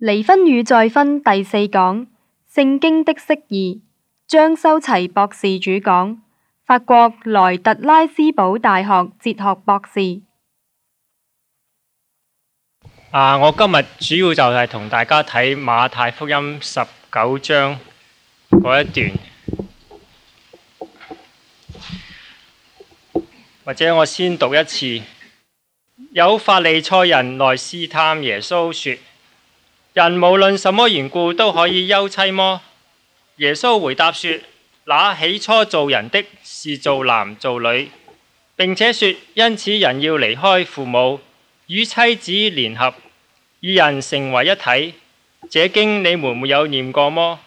離婚與再婚第四講：聖經的釋義，張修齊博士主講，法國萊特拉斯堡大學哲學博士。啊，我今日主要就係同大家睇馬太福音十九章嗰一段，或者我先讀一次。有法利賽人來試探耶穌，說。人無論什麼緣故都可以休妻麼？耶穌回答說：那起初造人的是造男造女。並且說：因此人要離開父母，與妻子聯合，二人成為一體。這經你們沒有念過麼？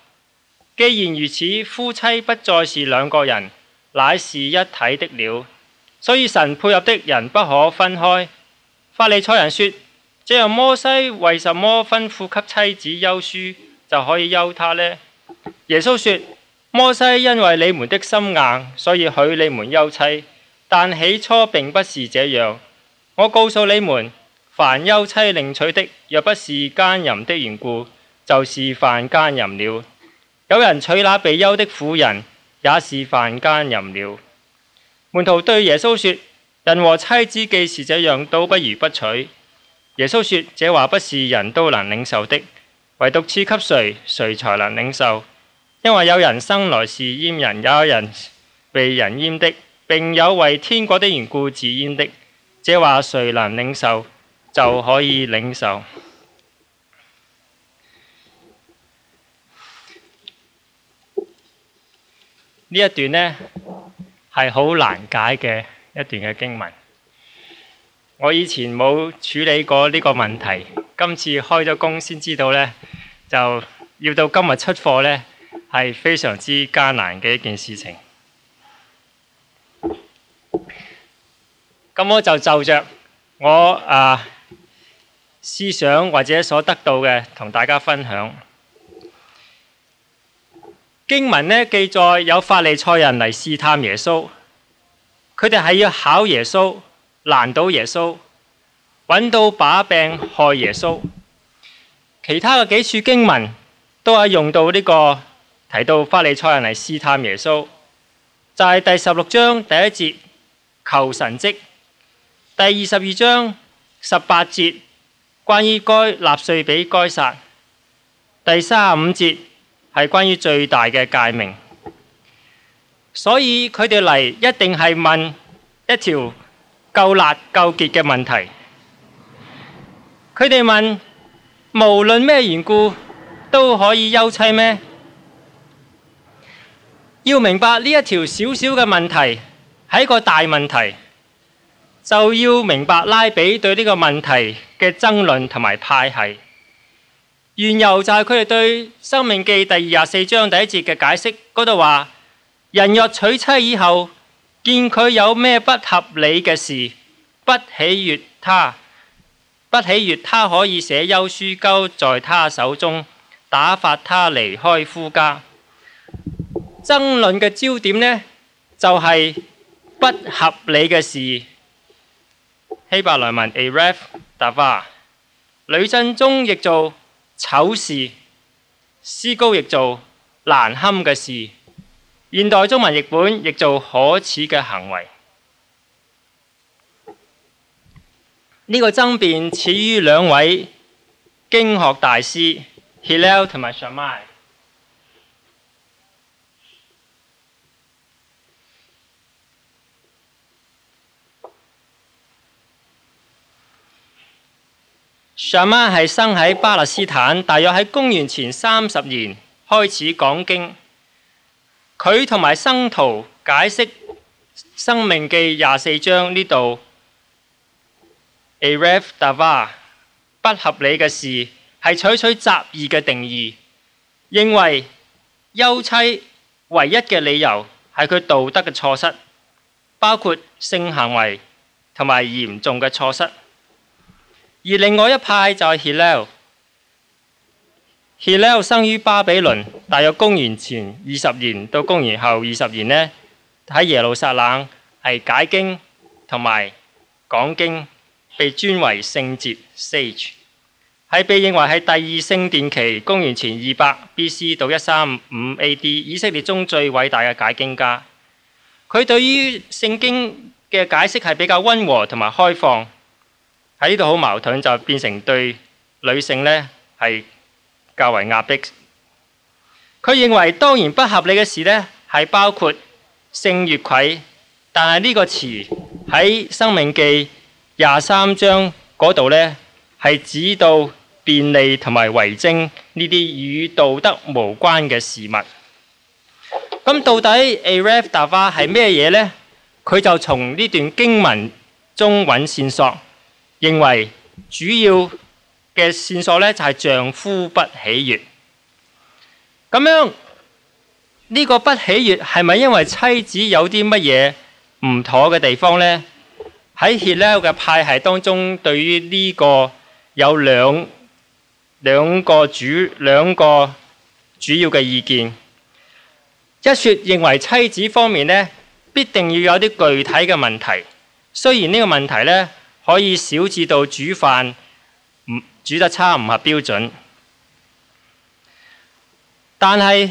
既然如此，夫妻不再是兩個人，乃是一體的了。所以神配合的人不可分開。法利賽人說。這樣摩西為什麼吩咐給妻子休書就可以休她呢？耶穌說：摩西因為你們的心硬，所以許你們休妻，但起初並不是這樣。我告訴你們，凡休妻另娶的，若不是奸淫的緣故，就是犯奸淫了。有人娶那被休的婦人，也是犯奸淫了。門徒對耶穌說：人和妻子既是這樣，倒不如不娶。耶穌說：這話不是人都能領受的，唯獨賜給誰，誰才能領受。因為有人生來是閹人，也有人被人閹的，並有為天國的緣故自閹的。這話誰能領受，就可以領受。呢一段呢係好難解嘅一段嘅經文。我以前冇處理過呢個問題，今次開咗工先知道呢，就要到今日出貨呢，係非常之艱難嘅一件事情。咁我就就着我啊思想或者所得到嘅，同大家分享。經文呢記載有法利賽人嚟試探耶穌，佢哋係要考耶穌。難倒耶穌，揾到把柄害耶穌？其他嘅幾處經文都係用到呢、這個提到法利賽人嚟試探耶穌，就係、是、第十六章第一節求神蹟，第二十二章十八節關於該納稅俾該撒，第三十五節係關於最大嘅誡命。所以佢哋嚟一定係問一條。夠辣夠結嘅問題，佢哋問：無論咩緣故都可以休妻咩？要明白呢一條小小嘅問題係一個大問題，就要明白拉比對呢個問題嘅爭論同埋派系。緣由就係佢哋對《申命記》第二十四章第一節嘅解釋，嗰度話：人若娶妻以後。見佢有咩不合理嘅事，不喜悅他，不喜悅他可以寫休書交在他手中，打發他離開夫家。爭論嘅焦點呢，就係不合理嘅事。希伯來文 eraf 答話，呂振中亦做醜事，思高亦做難堪嘅事。現代中文譯本亦做可恥嘅行為。呢、這個爭辯始於兩位經學大師 Hillel 同埋 Shammai。Shammai 係、e、生喺巴勒斯坦，大約喺公元前三十年開始講經。佢同埋生徒解釋《申命記》廿四章呢度，iraf、e、d a v a、ah、不合理嘅事係採取雜義嘅定義，認為休妻唯一嘅理由係佢道德嘅錯失，包括性行為同埋嚴重嘅錯失。而另外一派就係希列。希勒生於巴比倫，大約公元前二十年到公元後二十年咧，喺耶路撒冷係解經同埋講經，被尊為聖哲 sage，係被認為係第二聖殿期公元前二百 BC 到一三五 AD 以色列中最偉大嘅解經家。佢對於聖經嘅解釋係比較溫和同埋開放，喺呢度好矛盾就變成對女性呢係。較為壓迫。佢認為當然不合理嘅事呢係包括性越軌，但係呢個詞喺《生命記》廿三章嗰度呢係指到便利同埋遺精呢啲與道德無關嘅事物。咁到底 a r a f t a v 係咩嘢呢？佢就從呢段經文中揾線索，認為主要，嘅線索咧，就係、是、丈夫不喜悅。咁樣呢，這個不喜悅係咪因為妻子有啲乜嘢唔妥嘅地方呢？喺希列嘅派係當中，對於呢個有兩兩個主兩個主要嘅意見。一說認為妻子方面呢，必定要有啲具體嘅問題。雖然呢個問題呢，可以小至到煮飯。煮得差，唔合標準，但係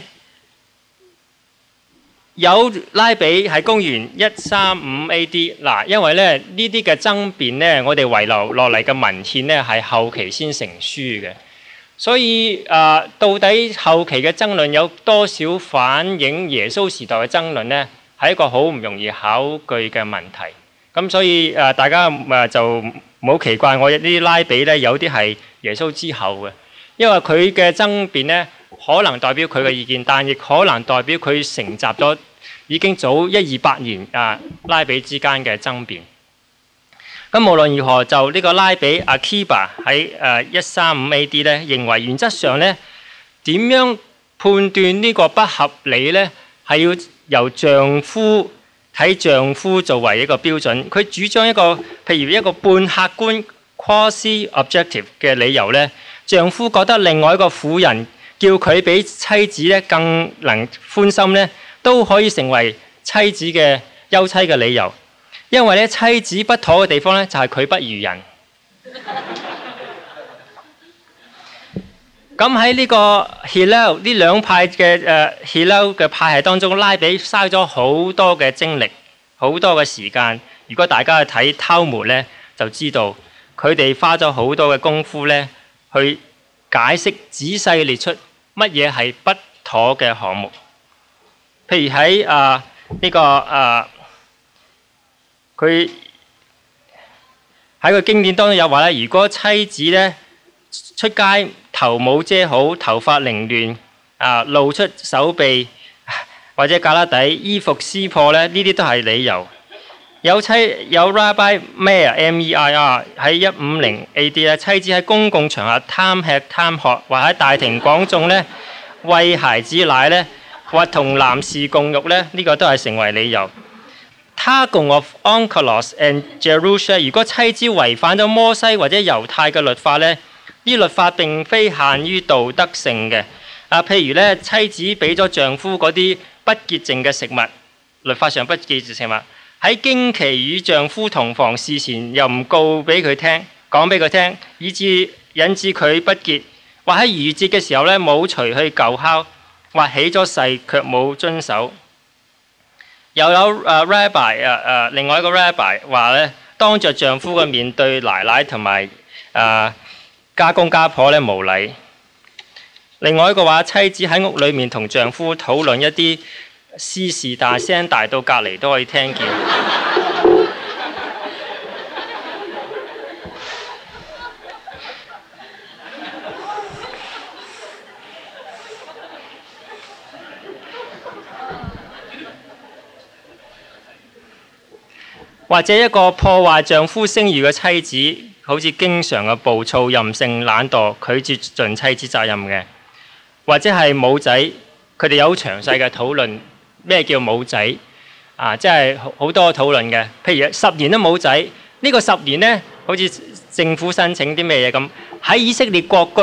有拉比喺公元一三五 A.D. 嗱，因為咧呢啲嘅爭辯咧，我哋遺留落嚟嘅文獻咧，係後期先成書嘅，所以誒到底後期嘅爭論有多少反映耶穌時代嘅爭論咧，係一個好唔容易考據嘅問題。咁所以誒，大家誒就唔好奇怪，我呢啲拉比咧有啲係耶穌之後嘅，因為佢嘅爭辯咧，可能代表佢嘅意見，但亦可能代表佢承襲咗已經早一二百年啊拉比之間嘅爭辯。咁無論如何，就呢個拉比 Akiba 喺誒一三五 A.D. 咧，認為原則上咧點樣判斷呢個不合理咧，係要由丈夫。喺丈夫作為一個標準，佢主張一個譬如一個半客觀 （quasi-objective） 嘅理由呢，丈夫覺得另外一個婦人叫佢比妻子咧更能歡心呢，都可以成為妻子嘅休妻嘅理由，因為咧妻子不妥嘅地方咧就係佢不如人。 咁喺呢個希臘呢兩派嘅誒希臘嘅派系當中，拉比嘥咗好多嘅精力，好多嘅時間。如果大家去睇偷門咧，就知道佢哋花咗好多嘅功夫咧，去解釋、仔細列出乜嘢係不妥嘅項目。譬如喺啊呢、呢個啊佢喺個經典當中有話咧，如果妻子咧。出街頭冇遮好，頭髮凌亂啊，露出手臂或者胳肋底衣服撕破咧，呢啲都係理由。有妻有 Rabbi Meir？M E I R 喺一五零 A D 咧，妻子喺公共場合貪吃貪喝，或喺大庭廣眾咧餵孩子奶咧，或同男士共浴咧，呢個都係成為理由。他共我 Onkelos and Jerusalem 如果妻子違反咗摩西或者猶太嘅律法咧？呢律法並非限於道德性嘅，啊，譬如咧妻子俾咗丈夫嗰啲不潔淨嘅食物，律法上不潔淨食物；喺經期與丈夫同房事前又唔告俾佢聽，講俾佢聽，以致引致佢不潔；或喺逾節嘅時候咧冇除去舊酵；或起咗誓，卻冇遵守。又有啊 rabbi 啊啊，另外一個 rabbi 話咧，當着丈夫嘅面對奶奶同埋啊。家公家婆呢，無禮，另外一個話，妻子喺屋裏面同丈夫討論一啲私事，大聲大到隔離都可以聽見。 或者一個破壞丈夫聲譽嘅妻子。好似經常嘅暴躁、任性、懶惰、拒絕盡妻子責任嘅，或者係冇仔，佢哋有好詳細嘅討論咩叫冇仔啊，即係好多討論嘅。譬如十年都冇仔，呢、這個十年呢，好似政府申請啲咩嘢咁，喺以色列國居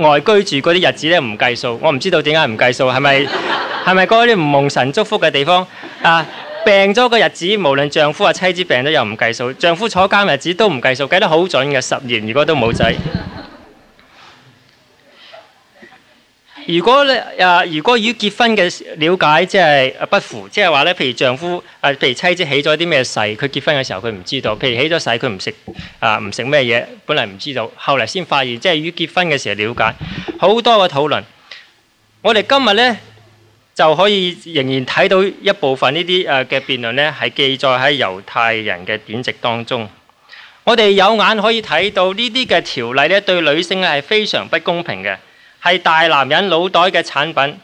外居住嗰啲日子咧唔計數，我唔知道點解唔計數，係咪係咪嗰啲唔蒙神祝福嘅地方啊？病咗個日子，無論丈夫啊妻子病咗，又唔計數。丈夫坐監日子都唔計數，計得好準嘅十年，如果都冇仔。 如果你啊，如果與結婚嘅了解即係不符，即係話咧，譬如丈夫啊，譬如妻子起咗啲咩世，佢結婚嘅時候佢唔知道，譬如起咗世，佢唔食啊，唔食咩嘢，本嚟唔知道，後嚟先發現，即係與結婚嘅時候了解好多嘅討論。我哋今日咧，就可以仍然睇到一部分呢啲誒嘅辯論呢，係記載喺猶太人嘅典籍當中。我哋有眼可以睇到呢啲嘅條例呢，對女性係非常不公平嘅，係大男人腦袋嘅產品。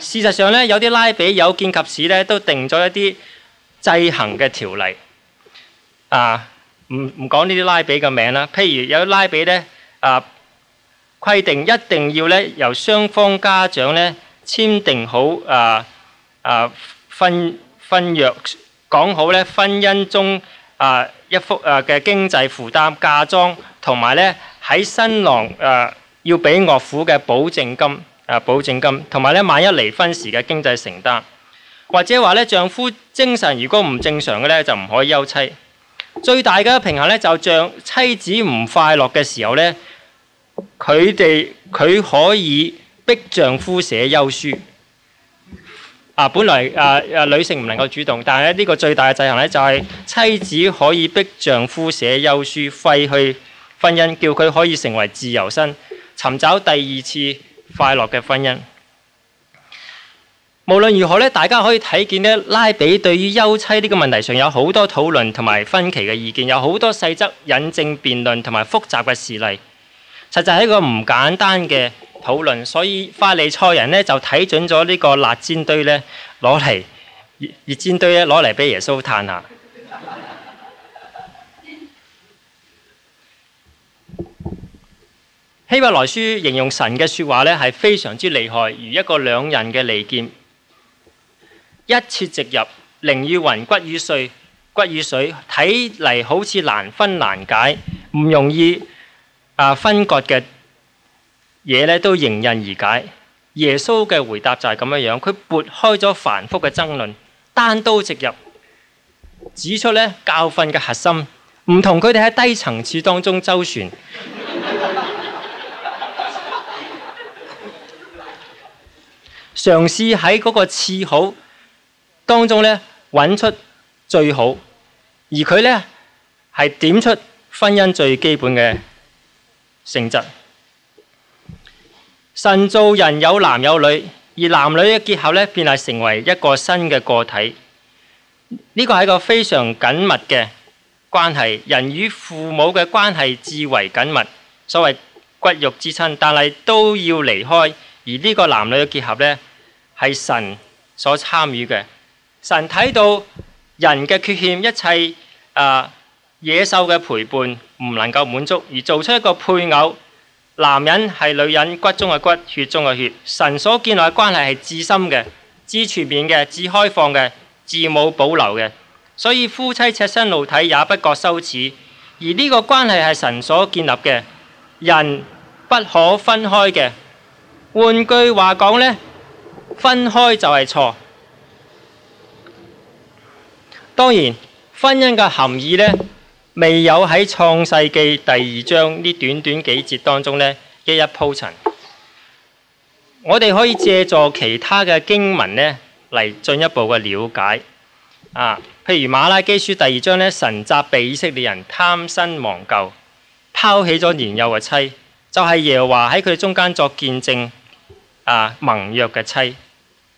事實上呢，有啲拉比有見及時呢，都定咗一啲制衡嘅條例。啊，唔唔講呢啲拉比嘅名啦，譬如有拉比呢，啊，規定一定要呢由雙方家長呢，簽訂好啊啊婚婚約，講好咧婚姻中啊一幅啊嘅經濟負擔、嫁妝，同埋咧喺新郎誒、啊、要俾岳父嘅保證金啊保證金，同埋咧萬一離婚時嘅經濟承擔，或者話咧丈夫精神如果唔正常嘅咧就唔可以休妻。最大嘅平衡咧就像妻子唔快樂嘅時候咧，佢哋佢可以，逼丈夫寫休書啊！本來啊啊、呃，女性唔能夠主動，但係咧呢、呢個最大嘅制衡咧就係、係、妻子可以逼丈夫寫休書，廢去婚姻，叫佢可以成為自由身，尋找第二次快樂嘅婚姻。無論如何咧，大家可以睇見呢。拉比對於休妻呢個問題上有好多討論同埋分歧嘅意見，有好多細則引證、辯論同埋複雜嘅事例，實在係一個唔簡單嘅討論，所以法利賽人呢，就睇準咗呢個辣煎堆呢，攞嚟熱熱煎堆咧，攞嚟俾耶穌嘆下。 希伯來書形容神嘅説話呢，係非常之厲害，如一個兩人嘅利劍，一切直入，靈與魂骨與碎骨與髓，睇嚟好似難分難解，唔容易啊分割嘅。嘢咧都迎刃而解。耶穌嘅回答就係咁樣樣，佢撥開咗繁複嘅爭論，單刀直入，指出咧教訓嘅核心，唔同佢哋喺低層次當中周旋，嘗試喺嗰個次好當中咧揾出最好，而佢咧係點出婚姻最基本嘅性質。神做人有男有女，而男女嘅結合呢，變係成為一個新嘅個體。呢個係個非常緊密嘅關係，人與父母嘅關係至為緊密，所謂骨肉之親。但係都要離開，而呢個男女嘅結合呢，係神所參與嘅。神睇到人嘅缺陷，一切野獸嘅陪伴唔能夠滿足，而做出一個配偶。男人係女人骨中嘅骨、血中嘅血。神所建立嘅關係係至深嘅、至全面嘅、至開放嘅、至冇保留嘅。所以夫妻赤身露體也不覺羞恥。而呢個關係係神所建立嘅，人不可分開嘅。換句話講呢，分開就係錯。當然，婚姻嘅含義呢。未有喺《創世記》第二章呢短短幾節當中呢，一一鋪陳，我哋可以借助其他嘅經文呢嚟進一步嘅了解。啊，譬如《馬拉基書》第二章呢，神責備以色列人貪新忘舊，拋棄咗年幼嘅妻，就係、是、耶和華喺佢哋中間作見證。啊，盟約嘅妻，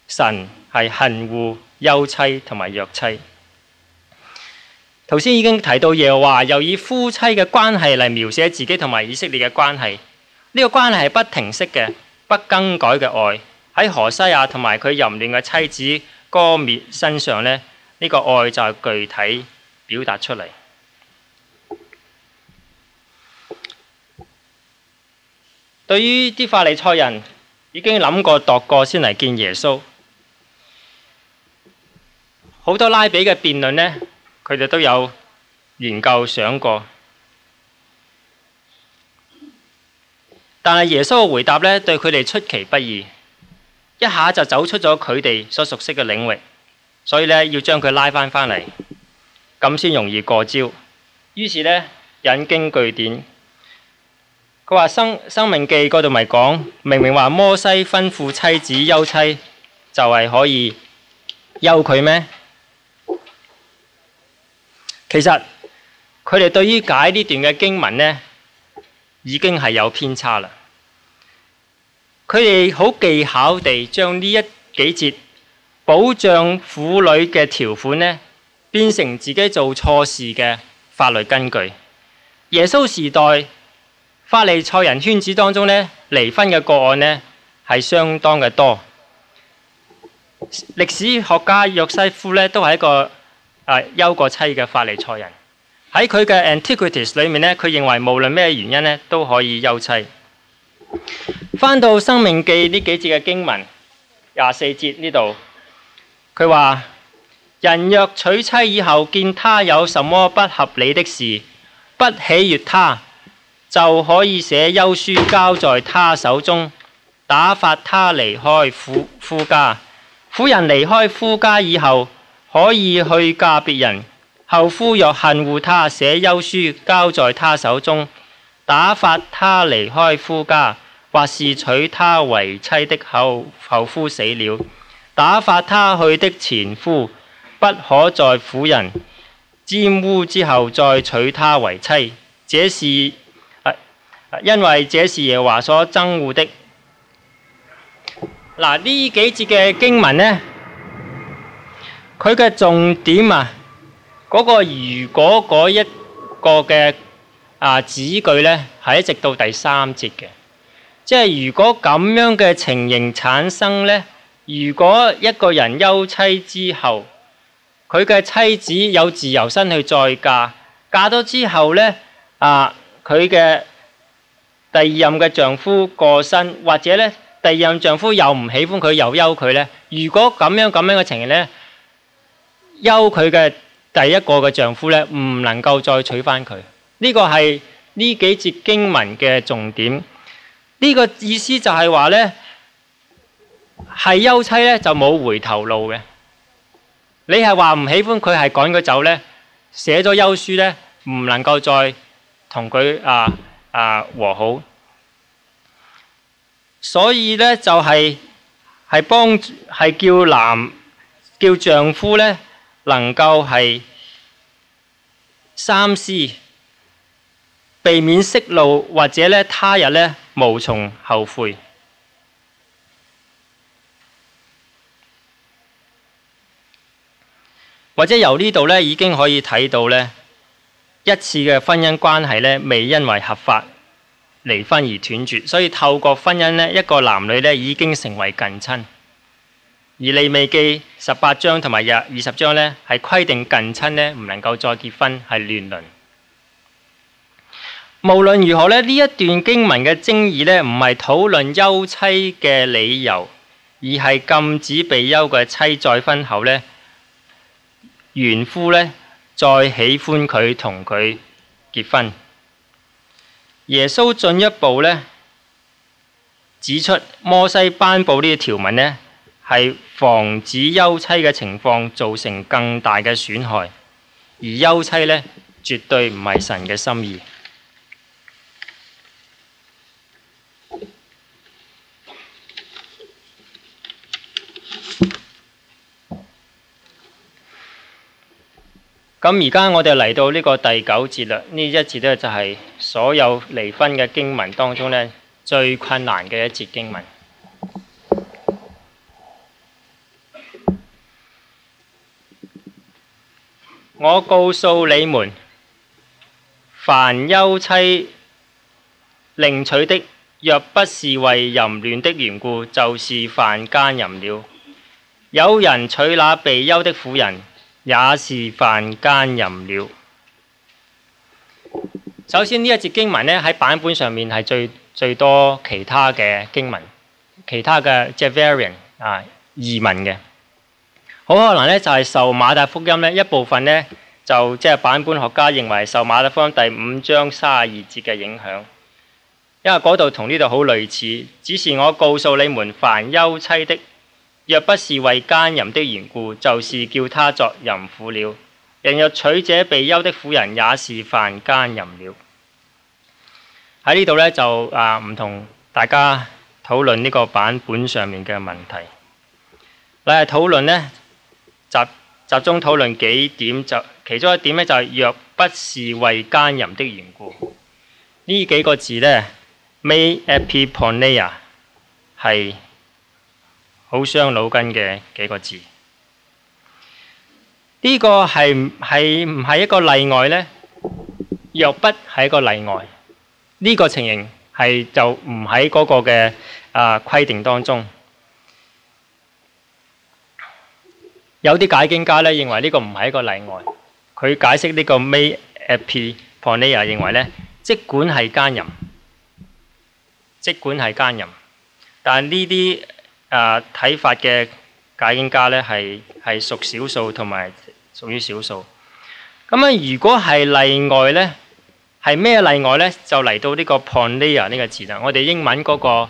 神係恨惡休妻同埋虐妻。頭先已經提到耶和華又以夫妻嘅關係嚟描寫自己同埋以色列嘅關係，呢個關係係不停息嘅、不更改嘅愛。喺何西亞同埋佢淫亂嘅妻子歌篾身上咧，呢個愛就係具體表達出嚟。對於啲法利賽人，已經諗過度過先嚟見耶穌。好多拉比嘅辯論呢。佢哋都有研究想過，但係耶穌嘅回答咧，對佢哋出其不意，一下就走出咗佢哋所熟悉嘅領域，所以呢，要將佢拉翻翻嚟，咁先容易過招。於是呢，引經據典，佢話《申、申命記》嗰度咪講，明明話摩西吩咐妻子休妻，就係可以休佢咩？其實佢哋對於解呢段嘅經文呢，已經係有偏差啦。佢哋好技巧地將呢一幾節保障婦女嘅條款呢，變成自己做錯事嘅法律根據。耶穌時代法利賽人圈子當中呢，離婚嘅個案呢，係相當嘅多。歷史學家約瑟夫呢，都係一個。休過妻嘅法利賽人，喺佢嘅 Antiquities 裏面呢佢認為無論咩原因咧，都可以休妻。翻到《生命記》呢幾節嘅經文，廿四節呢度，佢話：人若娶妻以後見他有什麼不合理的事，不喜悦他，就可以寫休書交在他手中，打發他離開夫夫家。婦人離開夫家以後。可以去嫁別人。後夫若恨惡他，寫休書交在他手中，打發他離開夫家，或是娶他為妻的後後夫死了，打發他去的前夫不可在婦人沾污之後再娶他為妻。這是、啊、因為這是耶和華所憎惡的。嗱、啊，呢幾節嘅經文呢，佢嘅重點啊，嗰個如果嗰一個嘅啊子句呢，係一直到第三節嘅，即係如果咁樣嘅情形產生呢，如果一個人休妻之後，佢嘅妻子有自由身去再嫁，嫁咗之後呢，啊佢嘅第二任嘅丈夫過身，或者呢第二任丈夫又唔喜歡佢，又休佢呢，如果咁樣咁樣嘅情形呢。休佢嘅第一個嘅丈夫咧，唔能夠再娶返佢。呢個係呢幾節經文嘅重點。呢個意思就係話咧，係休妻咧就冇回頭路嘅。你係話唔喜歡佢，係趕佢走咧，寫咗休書咧，唔能夠再同佢啊啊和好。所以咧就係係幫係叫男叫丈夫咧。能夠係三思，避免洩怒，或者咧他日咧無從後悔，或者由呢度咧已經可以睇到咧一次嘅婚姻關係咧未因為合法離婚而斷絕，所以透過婚姻咧一個男女咧已經成為近親。而利未記十八章同埋二十章呢，係規定近親呢唔能夠再結婚，係亂倫。無論如何呢，呢一段經文嘅爭議呢，唔係討論休妻嘅理由，而係禁止被休嘅妻再婚後呢，原夫呢再喜歡佢同佢結婚。耶穌進一步呢指出，摩西頒布呢條文呢。係防止休妻嘅情況造成更大嘅損害，而休妻呢，絕對唔係神嘅心意。咁而家我哋嚟到呢個第九節啦，呢一節呢，就係、是、所有離婚嘅經文當中呢，最困難嘅一節經文。我告訴你們，凡休妻另娶的，若不是為淫亂的緣故，就是犯奸淫了。有人娶那被休的婦人，也是犯奸淫了。首先呢一節經文呢，喺版本上面係最最多其他嘅經文，其他嘅即係 variant 啊異文嘅。好可能呢，就係受馬太福音呢一部分呢，就即係版本學家認為受馬太福音第五章三十二節嘅影響，因為嗰度同呢度好類似，只是我告訴你們，凡休妻的，若不是為奸淫的緣故，就是叫他作淫婦了；人若娶這被休的婦人，也是犯奸淫了。喺呢度呢，就啊，唔同大家討論呢個版本上面嘅問題，嚟討論呢。集集中討論幾點就，就其中一點呢、就是，就係若不是為奸淫的緣故，呢幾個字呢 mē epi porneia 係好傷腦筋嘅幾個字。呢、這個係係唔係一個例外呢？「若不係一個例外，呢、這個情形係就唔喺嗰個嘅啊規定當中。有啲解經家咧認為呢個唔係一個例外，佢解釋呢個 may epi porneia，認為咧，即管係奸淫，即管係奸淫，但呢啲啊睇法嘅解經家咧係係屬少數，同埋屬於少數。咁、er 那個、啊，如果係例外咧，係咩例外咧？就嚟到呢個 porneia 呢個字啦。我哋英文嗰個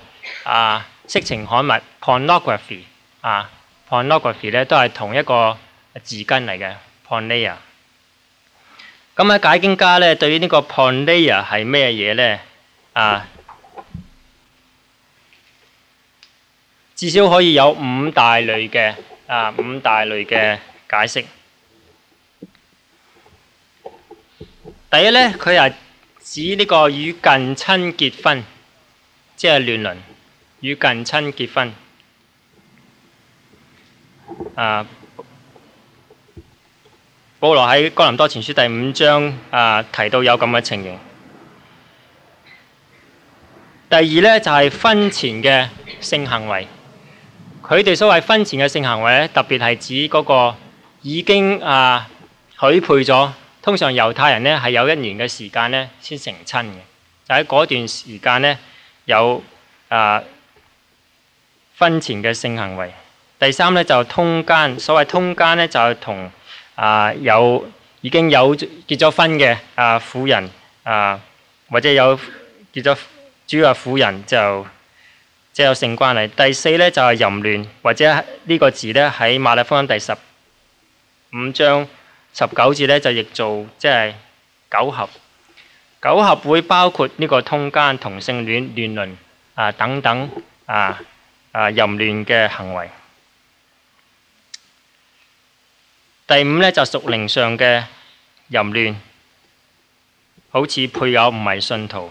啊色情刊物 pornography 啊。pornography 咧都係同一個字根嚟嘅 porneia 啊。咁喺解經家呢，對於呢個 porneia 啊係咩嘢呢？啊，至少可以有五大類嘅啊五大類嘅解釋。第一呢，佢係指呢個與近親結婚，即係亂倫，與近親結婚。啊！保羅喺哥林多前書第五章啊提到有咁嘅情形。第二呢，就係婚前嘅性行為。佢哋所謂婚前嘅性行為呢，特別係指嗰個已經啊許配咗，通常猶太人呢係有一年嘅時間呢先成親嘅，就喺嗰段時間呢，有啊婚前嘅性行為。第三咧就，通奸，所謂通奸咧就係同啊有已經有結咗婚嘅啊婦人啊，或者有結咗，主要係婦人就即係有性關係。第四咧就係淫亂，或者呢個字咧喺馬利福音第十五章十九節咧就譯做即係苟合。苟合會包括呢個通奸、同性戀、亂倫啊等等啊啊淫亂嘅行為。第五呢，就屬靈上嘅淫亂，好似配偶唔係信徒。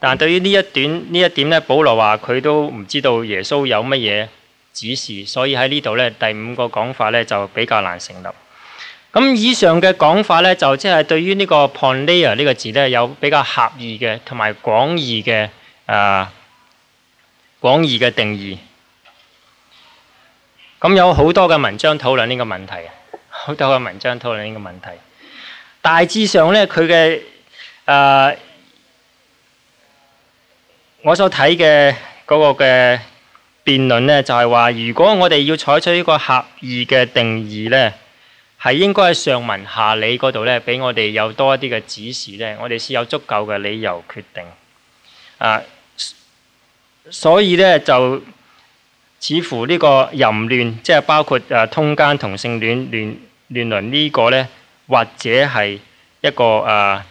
但對於呢一段呢一點呢，保羅話佢都唔知道耶穌有乜嘢指示，所以喺呢度呢，第五個講法呢，就比較難成立。咁以上嘅講法呢，就即係對於呢個 porneia 呢個字呢，有比較狹義嘅同埋廣義嘅啊廣義嘅定義。咁有好多嘅文章討論呢個問題，好多嘅文章討論呢個問題。大致上呢，佢嘅誒，我所睇嘅嗰個嘅辯論呢，就係、是、話如果我哋要採取呢個狹義嘅定義呢，係應該喺上文下理嗰度呢，俾我哋有多一啲嘅指示呢，我哋先有足夠嘅理由決定啊、呃。所以呢，就。似乎呢個淫亂，即係包括誒通奸同性戀亂亂倫呢個呢，或者係一個誒、啊、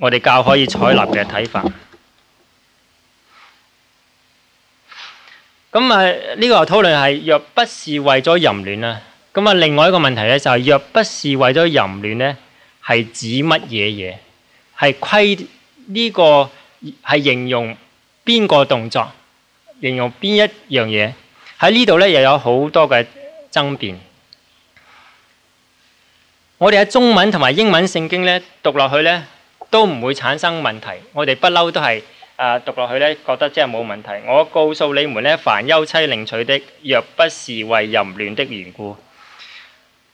我哋較可以採納嘅睇法。咁啊，呢、這個又討論係若不是為咗淫亂啊，咁啊，另外一個問題呢、就是，就係若不是為咗淫亂呢，係指乜嘢嘢？係規呢個係形容邊個動作？形容邊一樣嘢喺呢度咧，又有好多嘅爭辯。我哋喺中文同埋英文聖經咧讀落去咧，都唔會產生問題。我哋不嬲都係誒讀落去咧，覺得真係冇問題。我告訴你們咧，凡休妻另娶的，若不是為淫亂的緣故。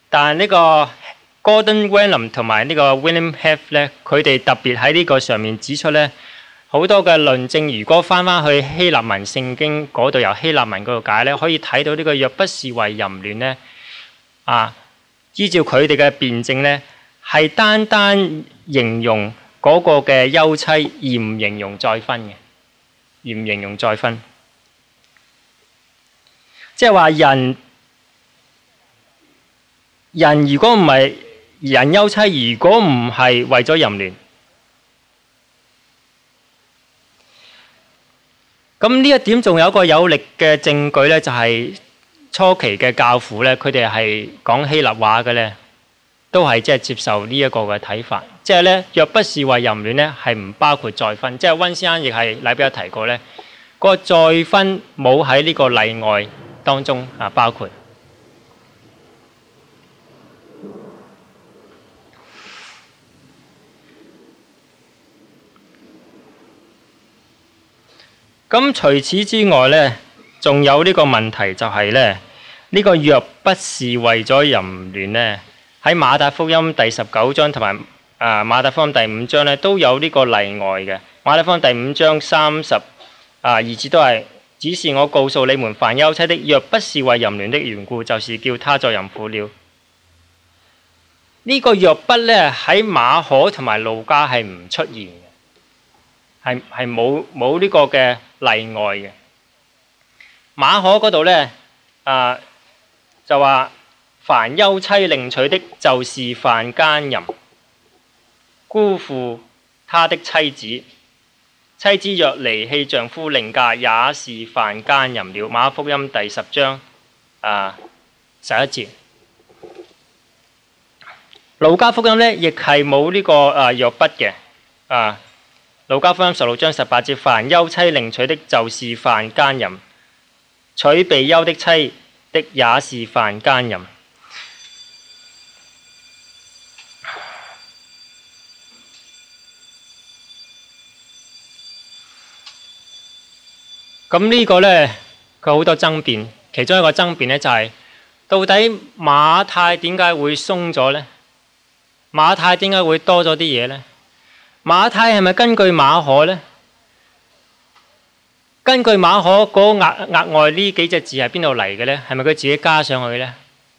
但呢個 Gordon Wenham 同埋呢個 William Hef 咧，佢哋特別喺呢個上面指出咧。好多嘅論證，如果翻返去希臘文聖經嗰度，由希臘文嗰度解呢，可以睇到呢個若不是為淫亂呢。啊，依照佢哋嘅辯證呢，係單單形容嗰個嘅休妻，而唔形容再婚嘅，而唔形容再婚，即係話人，人如果唔係，人休妻如果唔係為咗淫亂。咁呢一點仲有一個有力嘅證據咧，就係初期嘅教父咧，佢哋係講希臘話嘅咧，都係即係接受呢一個嘅睇法。即係咧，若不是為淫亂咧，係唔包括再婚。即係温先生亦係禮拜有提過咧，個再婚冇喺呢個例外當中啊，包括。咁除此之外呢，仲有呢個問題就係呢。呢個若不是為咗淫亂呢，喺馬太福音第十九章同埋啊馬太福音第五章呢，都有呢個例外嘅。馬太福音第五章三十啊二節都係，只是我告訴你們，犯休妻的，若不是為淫亂的緣故，就是叫他做淫婦了。呢個若不呢，喺馬可同埋路加係唔出現嘅，係係冇冇呢個嘅。例外嘅，馬可嗰度咧，啊就話凡休妻另娶的，就是犯奸淫，辜負他的妻子；妻子若離棄丈夫另嫁，也是犯奸淫了。馬福音第十章啊十一節，路加福音呢，亦係冇呢個啊約筆嘅啊。路加福音十六章十八節，凡休妻，另娶的就是犯奸淫；取被休的妻的也是犯奸淫。嗯」咁呢個呢，佢好多爭辯，其中一個爭辯呢，就係、是：到底馬太點解會鬆咗呢？馬太點解會多咗啲嘢呢？」馬太係咪根據馬可呢？根據馬可嗰額額外呢幾隻字係邊度嚟嘅呢？係咪佢自己加上去嘅呢？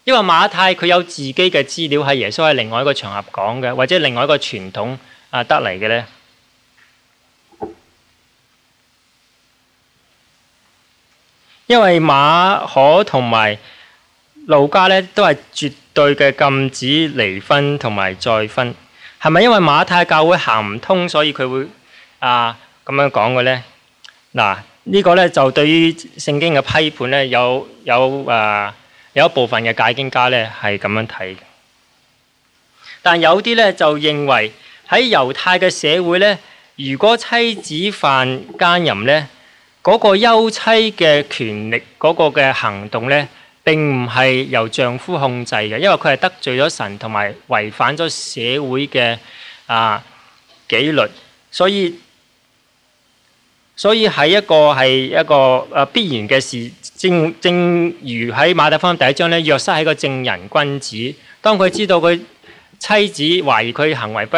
因為馬太佢有自己嘅資料，係耶穌喺另外一個場合講嘅，或者另外一個傳統啊得嚟嘅呢。因為馬可同埋路加呢，都係絕對嘅禁止離婚同埋再婚。係咪因為馬太教會行唔通，所以佢會啊咁樣講嘅咧？嗱、啊，這個、呢個咧就對於聖經嘅批判咧，有有啊有一部分嘅解經家咧係咁樣睇，但有啲咧就認為喺猶太嘅社會咧，如果妻子犯奸淫咧，嗰、那個休妻嘅權力嗰、那個嘅行動咧。並唔係由丈夫控制嘅，因為佢係得罪咗神，同埋違反咗社會嘅啊紀律，所以所以係一個係一個、啊、必然嘅事。正正如喺馬太福音第一章咧，約瑟係個正人君子，當佢知道佢妻子懷疑佢行為不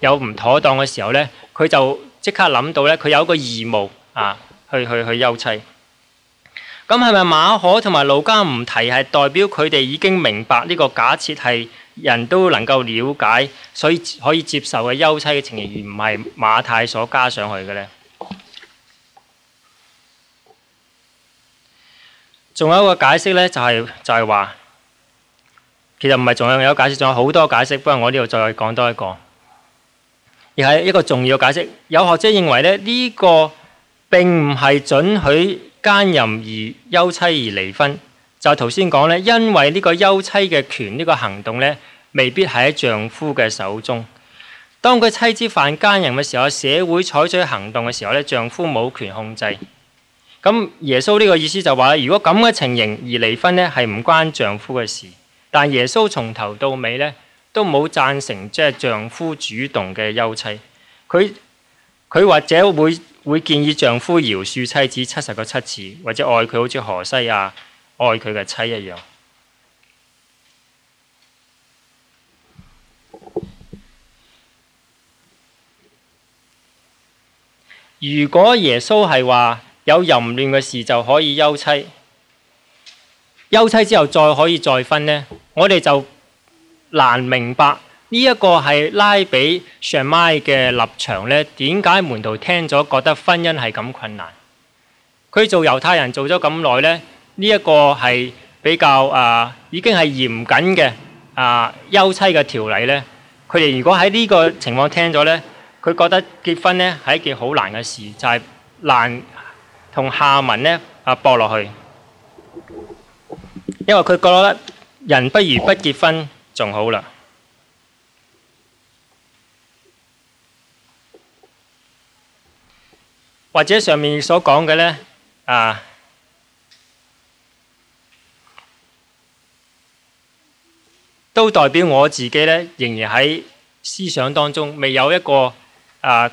有唔妥當嘅時候呢，佢就即刻諗到呢，佢有一個義務啊，去去去休妻。咁係咪馬可同埋路加唔提係代表佢哋已經明白呢個假設係人都能夠了解，所以可以接受嘅休妻嘅情形，而唔係馬太所加上去嘅呢？仲有一個解釋呢，就係，就係就係話，其實唔係仲有有解釋，仲有好多解釋，不過我呢度再講多一個，而係一個重要嘅解釋。有學者認為呢，呢個並唔係准許。奸淫而休妻而離婚，就係頭先講咧，因為呢個休妻嘅權呢個行動咧，未必係喺丈夫嘅手中。當佢妻子犯奸淫嘅時候，社會採取行動嘅時候咧，丈夫冇權控制。咁耶穌呢個意思就話，如果咁嘅情形而離婚咧，係唔關丈夫嘅事。但耶穌從頭到尾咧，都冇贊成即係丈夫主動嘅休妻。佢。佢或者會建議丈夫饒恕妻，妻子七十個七次，或者愛佢好似何西亞愛佢嘅妻一樣。如果耶穌係話有淫亂嘅事就可以休妻，休妻之後再可以再婚呢，我哋就難明白。呢一個係拉比 Shammai 嘅立場呢，點解門徒聽咗覺得婚姻係咁困難？佢做猶太人做咗咁耐呢，呢一個係比較啊，已經係嚴謹嘅啊，休妻嘅條例呢，佢哋如果喺呢個情況聽咗呢，佢覺得結婚呢係一件好難嘅事，就係、是、難同下文呢啊駁落去，因為佢覺得人不如不結婚仲好啦。或者上面所講嘅呢，啊，都代表我自己呢，仍然喺思想當中未有一個啊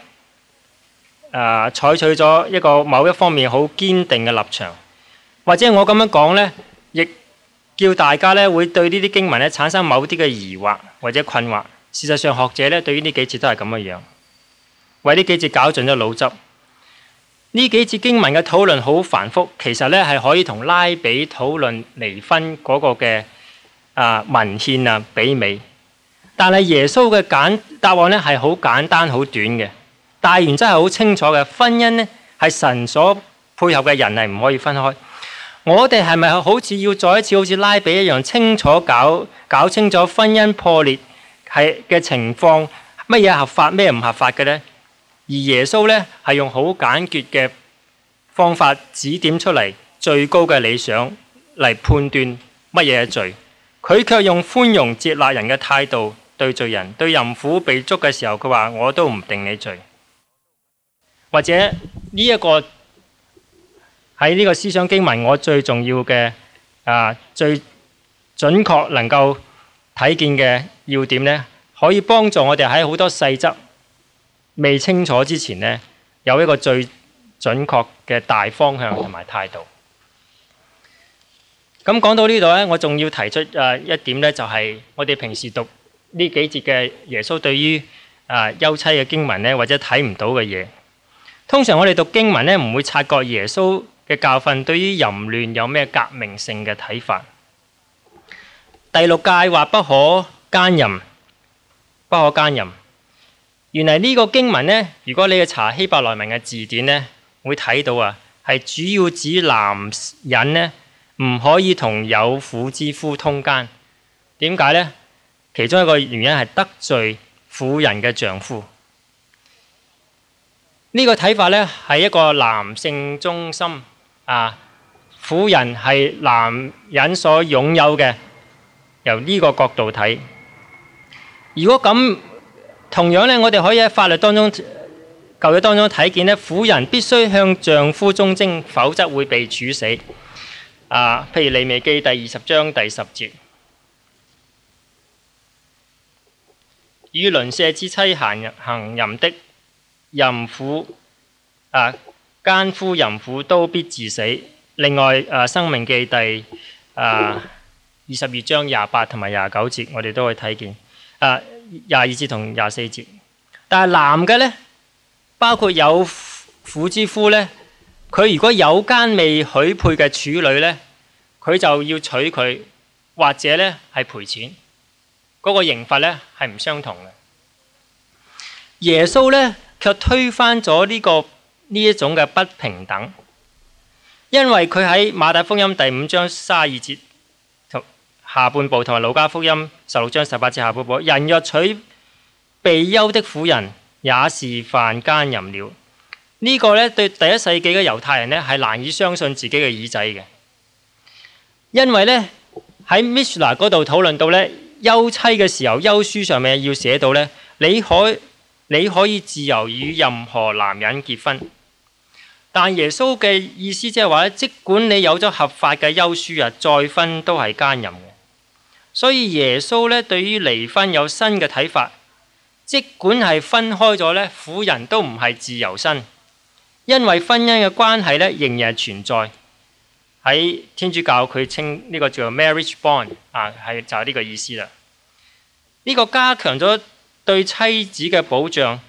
啊採取咗一個某一方面好堅定嘅立場。或者我咁樣講呢，亦叫大家呢，會對呢啲經文呢產生某啲嘅疑惑或者困惑。事實上學者呢對於呢幾節都係咁嘅樣，為呢幾節搞盡咗腦汁。呢幾節經文嘅討論好繁複，其實咧係可以同拉比討論離婚嗰個嘅啊文獻啊媲美，但係耶穌嘅簡答案咧係好簡單好短嘅，大原則係好清楚嘅。婚姻咧係神所配合嘅，人係唔可以分開。我哋係咪好似要再一次好似拉比一樣清楚搞搞清楚婚姻破裂係嘅情況，乜嘢合法咩唔合法嘅呢？而耶穌咧係用好簡潔嘅方法指點出嚟最高嘅理想嚟判斷乜嘢係罪。佢卻用寬容接納人嘅態度對罪人，對淫婦被捉嘅時候，佢話我都唔定你罪。或者呢一個喺呢個思想經文，我最重要嘅啊最準確能夠睇見嘅要點呢，可以幫助我哋喺好多細則未清楚之前呢，有一個最準確嘅大方向同埋態度。咁講到呢度呢，我仲要提出誒一點呢，就係我哋平時讀呢幾節嘅耶穌對於啊休妻嘅經文呢，或者睇唔到嘅嘢。通常我哋讀經文呢，唔會察覺耶穌嘅教訓對於淫亂有咩革命性嘅睇法。第六戒話不可奸淫，不可奸淫。原嚟呢個經文呢，如果你去查希伯來文嘅字典呢，會睇到啊，係主要指男人呢唔可以同有婦之夫通奸。點解呢？其中一個原因係得罪婦人嘅丈夫。呢個睇法呢係一個男性中心啊，婦人係男人所擁有嘅。由呢個角度睇，如果咁。同樣咧，我哋可以喺法律當中、舊約當中睇見呢婦人必須向丈夫忠貞，否則會被處死。啊，譬如利未記第二十章第十節，與鄰舍之妻行淫的淫婦，啊，奸夫淫婦都必致死。另外，啊申命記第啊二十二章廿八同埋廿九節，我哋都可以睇見，啊。廿二節同廿四節，但係男嘅呢，包括有婦之夫呢，佢如果有奸未許配嘅處女呢，佢就要娶佢，或者呢係賠錢，嗰、那個刑罰呢係唔相同嘅。耶穌呢卻推翻咗呢、這個呢一種嘅不平等，因為佢喺馬太福音第五章三十二節。下半部同埋《路加福音》十六章十八節下半部，人若娶被休的婦人，也是犯奸淫了。呢、這個咧對第一世紀嘅猶太人咧係難以相信自己嘅耳仔嘅，因為咧喺 Mishnah 嗰度討論到咧休妻嘅時候，休書上面要寫到咧，你可你可以自由與任何男人結婚，但耶穌嘅意思即係話咧，即管你有咗合法嘅休書啊，再婚都係奸淫。所以耶穌咧對於離婚有新嘅睇法，即管係分開咗咧，婦人都唔係自由身，因為婚姻嘅關係咧仍然存在。喺天主教佢稱呢個叫 marriage bond 啊，係就係、係、呢個意思啦。呢、呢個加強咗對妻子嘅保障，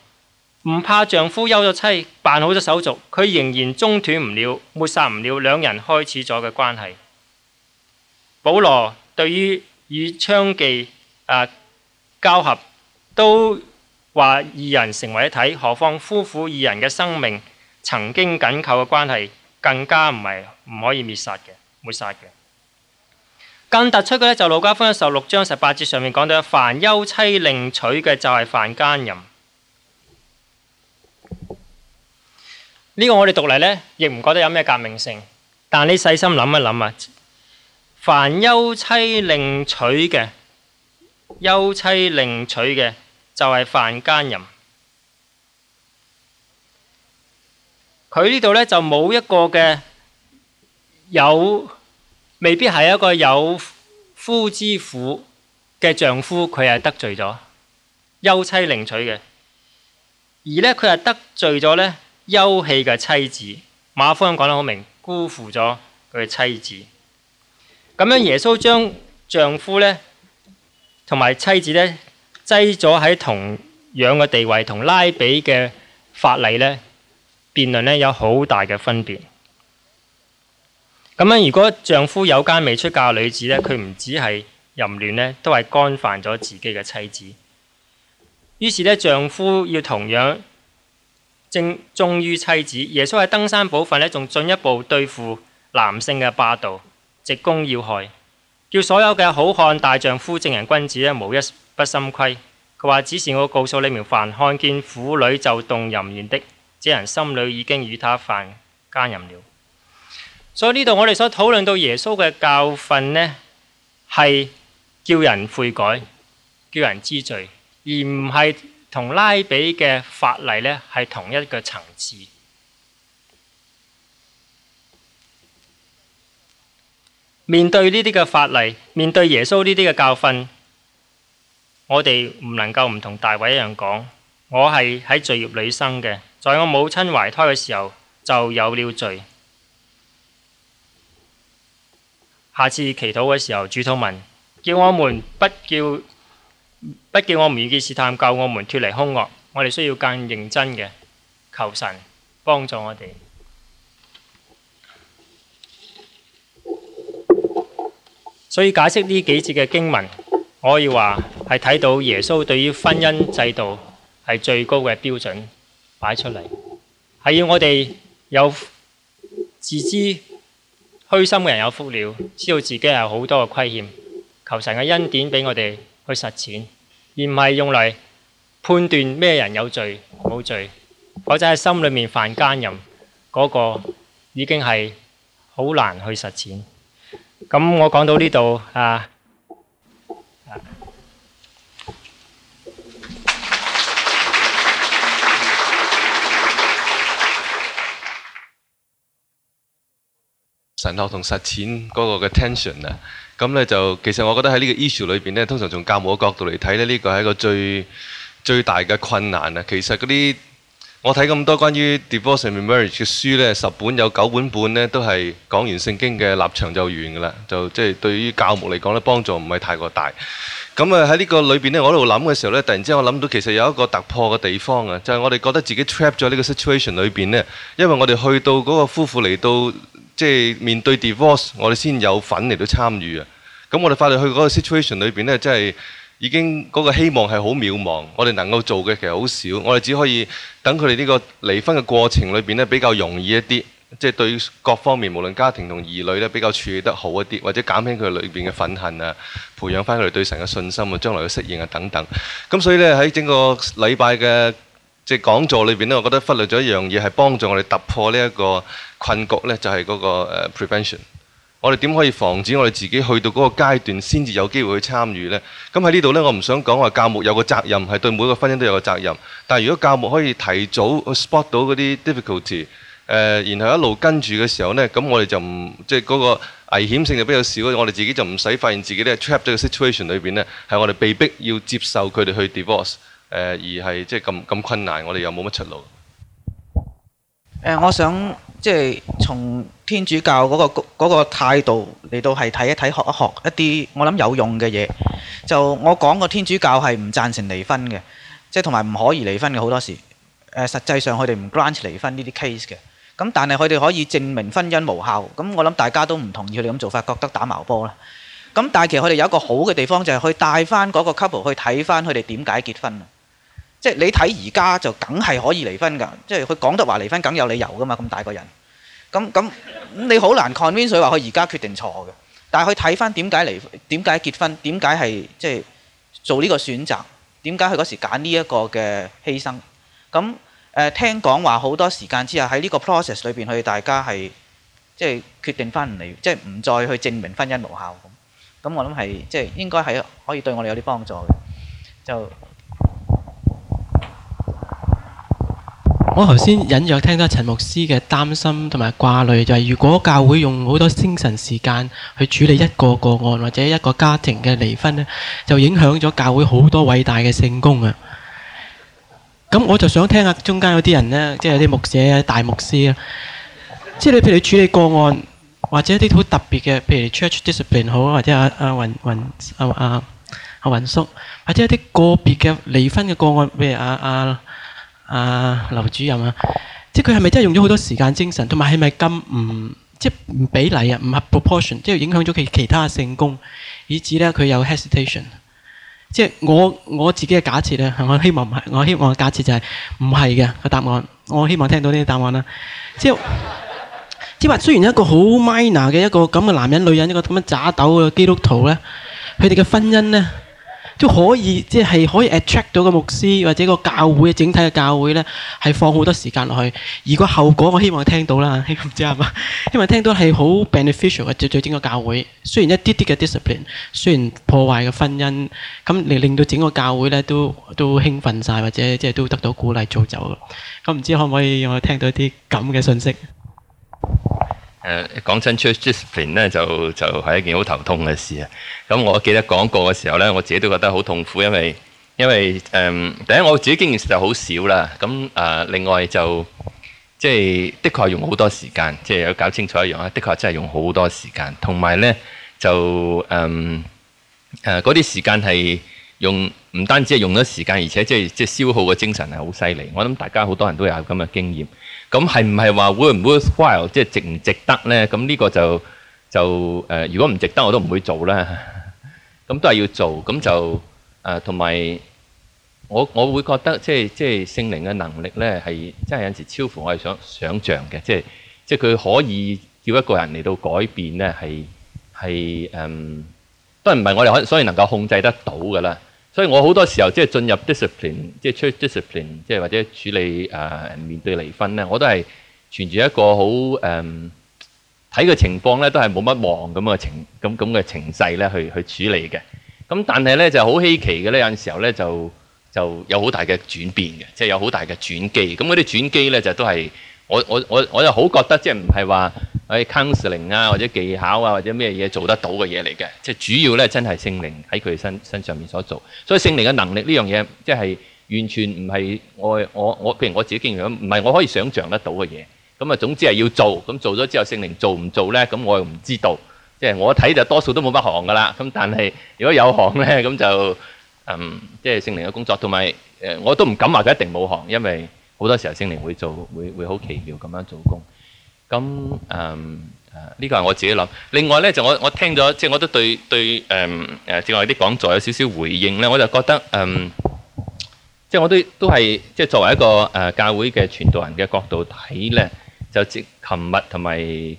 唔怕丈夫休咗妻，辦好咗手續，佢仍然中斷唔了、抹殺唔了兩人開始咗嘅關係。保羅對於與娼妓啊交合，都話二人成為一體，何況夫婦二人嘅生命曾經緊扣嘅關係，更加唔係唔可以滅殺嘅，抹殺嘅。更突出嘅咧，就《路加福音》嘅十六章十八節上面講到，凡休妻另娶嘅，就係犯奸淫。呢、這個我哋讀嚟呢，亦唔覺得有咩革命性，但你細心諗一諗啊！凡休妻另娶嘅，休妻另娶嘅就係犯奸淫。佢呢度咧就冇一個嘅有，未必係一個有夫之婦嘅丈夫，佢係得罪咗休妻另娶嘅，而呢，佢係得罪咗呢休棄嘅妻子。馬夫人講得好明，辜負咗佢嘅妻子。咁樣耶穌將丈夫咧同埋妻子咧擠咗喺同樣嘅地位，同拉比嘅法例呢辯論咧有好大嘅分別。咁樣如果丈夫有姦未出嫁嘅女子呢，佢唔止係淫亂呢，都係干犯咗自己嘅妻子。於是呢，丈夫要同樣正忠於妻子。耶穌喺登山寶訓呢仲進一步對付男性嘅霸道。直攻要害，叫所有嘅好漢、大丈夫、正人君子咧，無一不心虧。佢話只是我告訴你們，凡看見婦女就動淫念的，這人心裡已經與他犯奸淫了。所以呢度我哋所討論到耶穌嘅教訓呢，係叫人悔改、叫人知罪，而唔係同拉比嘅法例呢係同一個層次。面對呢啲嘅法例，面對耶穌呢啲嘅教訓，我哋唔能夠唔同大衛一樣講，我係喺罪業裏生嘅，在我母親懷胎嘅時候就有了罪。下次祈禱嘅時候，主禱文叫我們不叫，不叫我們遇見試探，救我們脱離凶惡。我哋需要更認真嘅求神幫助我哋。所以解釋呢幾節嘅經文，我可以話係睇到耶穌對於婚姻制度係最高嘅標準擺出嚟，係要我哋有自知虛心嘅人有福了，知道自己有好多嘅虧欠，求神嘅恩典俾我哋去實踐，而唔係用嚟判斷咩人有罪冇罪，或者喺心裏面犯奸淫嗰個已經係好難去實踐。咁我講到呢度啊，神學同實踐嗰個嘅 tension 啊，咁咧就其實我覺得喺呢個 issue 裏邊咧，通常從教母嘅角度嚟睇咧，呢個係一個最最大嘅困難啊。其實嗰啲。我睇咁多關於 divorce and remarriage 嘅書呢，十本有九本半呢都係講完聖經嘅立場就完噶啦，就即係、就是、對於教牧嚟講呢，幫助唔係太過大。咁啊喺呢個裏邊呢，我喺度諗嘅時候呢，突然之間我諗到其實有一個突破嘅地方啊，就係、是、我哋覺得自己 trap 咗呢個 situation 裏邊呢。因為我哋去到嗰個夫婦嚟到即係、就是、面對 divorce，我哋先有份嚟到參與啊。咁我哋發覺去到嗰個 situation 裏邊呢，即係。已經嗰個希望係好渺茫，我哋能夠做嘅其實好少，我哋只可以等佢哋呢個離婚嘅過程裏邊呢比較容易一啲，即係對各方面無論家庭同兒女呢比較處理得好一啲，或者減輕佢哋裏邊嘅憤恨啊，培養翻佢哋對神嘅信心啊，將來嘅適應啊等等。咁所以呢，喺整個禮拜嘅即係講座裏邊呢，我覺得忽略咗一樣嘢係幫助我哋突破呢一個困局呢，就係嗰個 prevention。我哋點可以防止我哋自己去到嗰個階段，先至有機會去參與呢？咁喺呢度呢，我唔想講話教牧有個責任，係對每個婚姻都有個責任。但係如果教牧可以提早去 spot 到嗰啲 difficulty，誒，然後一路跟住嘅時候呢，咁我哋就唔即係嗰個危險性就比較少。我哋自己就唔使發現自己咧 trap 咗個 situation 裏邊呢，係我哋被逼要接受佢哋去 divorce，呃，而係即係咁咁困難，我哋又冇乜出路。呃，我想。即係從天主教嗰個嗰個態度嚟到，係睇一睇，學一學一啲我諗有用嘅嘢。就我講個天主教係唔贊成離婚嘅，即係同埋唔可以離婚嘅好多時。誒，實際上佢哋唔 grant 離婚呢啲 case 嘅。咁但係佢哋可以證明婚姻無效。咁我諗大家都唔同意佢哋咁做法，覺得打茅波啦。咁但係其實佢哋有一個好嘅地方，就係去帶翻嗰個 couple 去睇翻佢哋點解結婚。即係你睇而家就梗係可以離婚㗎，即係佢講得話離婚梗有理由㗎嘛，咁大個人，咁咁你好難 convince 佢話佢而家決定錯嘅，但係佢睇翻點解離點解結婚點解係即係做呢個選擇，點解佢嗰時揀呢一個嘅犧牲，咁誒、呃、聽講話好多時間之後喺呢個 process 裏邊，佢哋大家係即係決定翻唔離，即係唔再去證明婚姻無效咁，咁我諗係即係應該係可以對我哋有啲幫助嘅，就。我頭先隱約聽到陳牧師嘅擔心同埋掛慮，就係如果教會用好多精神時間去處理一個個案或者一個家庭嘅離婚咧，就影響咗教會好多偉大嘅聖工。啊！咁我就想聽下中間有啲人呢，即係有啲牧者有大牧師啊，即、就、係、是、你譬如你處理個案或者一啲好特別嘅，譬如 church discipline 好，或者阿、啊、阿、啊、雲雲啊啊阿雲叔，或者一啲個別嘅離婚嘅個案，譬如阿、啊、阿。啊啊，劉主任啊，即係佢係咪真係用咗好多時間、精神，同埋係咪咁唔即係唔比例啊，唔合 proportion，即係影響咗佢其，其他嘅成功，以致咧佢有 hesitation。即係我我自己嘅假設咧，我希望唔係，我希望嘅假設就係唔係嘅個答案。我希望聽到呢啲答案啦。即係 即係話，雖然一個好 minor 嘅一個咁嘅男人、女人一個咁樣渣斗嘅基督徒咧，佢哋嘅婚姻咧。都可以，即係可以 attract 到個牧師或者個教會，整體嘅教會咧，係放好多時間落去。而個後果我希望聽到啦，唔知係嘛？因為聽到係好 beneficial 嘅，對對整個教會。雖然一啲啲嘅 discipline，雖然破壞嘅婚姻，咁嚟令到整個教會咧都都興奮曬，或者即係都得到鼓勵造就。咁唔知可唔可以用我聽到一啲咁嘅信息？誒講真出 Justin 咧，呃、就就係一件好頭痛嘅事啊！咁我記得講過嘅時候呢，我自己都覺得好痛苦，因為因為誒、呃、第一我自己經驗實好少啦。咁誒、呃、另外就即係、就是、的確用好多時間，即係要搞清楚一樣啊！的確真係用好多時間，同埋呢，就誒誒嗰啲時間係用唔單止係用咗時間，而且即係即係消耗嘅精神係好犀利。我諗大家好多人都有咁嘅經驗。咁係唔係話 worth worth while，即係值唔值得咧？咁呢個就就誒，如果唔值得，我都唔會做啦。咁都係要做，咁就誒同埋我我會覺得，即係即係聖靈嘅能力咧，係真係有時超乎我哋想想象嘅，即係即係佢可以叫一個人嚟到改變咧，係係誒，都係唔係我哋可以所以能夠控制得到噶啦。所以我好多時候即係、就是、進入 discipline, 就是 discipline，即係出去 discipline，即係或者處理誒、呃、面對離婚咧，我都係存住一個好誒睇個情況咧，都係冇乜望咁嘅情咁咁嘅情勢咧，去去處理嘅。咁但係咧就好、是、稀奇嘅咧，有陣時候咧就就有好大嘅轉變嘅，即、就、係、是、有好大嘅轉機。咁嗰啲轉機咧就是、都係。我我我我就好覺得即係唔係話誒 counseling 啊或者技巧啊或者咩嘢做得到嘅嘢嚟嘅，即係主要咧真係聖靈喺佢身身上面所做。所以聖靈嘅能力呢樣嘢即係完全唔係我我我譬如我自己經驗咁，唔係我可以想像得到嘅嘢。咁啊總之係要做，咁做咗之後聖靈做唔做咧？咁我又唔知道，即係我睇就多數都冇乜行㗎喇。咁但係如果有行咧，咁就嗯即係聖靈嘅工作，同埋誒我都唔敢話佢一定冇行，因為。好多時候，聖靈會做，會會好奇妙咁樣做工。咁誒誒，呢、嗯啊呢個係我自己諗。另外呢，就我我聽咗，即係我都對對誒誒，之外啲講座有少少回應呢，我就覺得誒，即、嗯、係我都都係即係作為一個誒、啊、教會嘅傳道人嘅角度睇呢，就即琴日同埋誒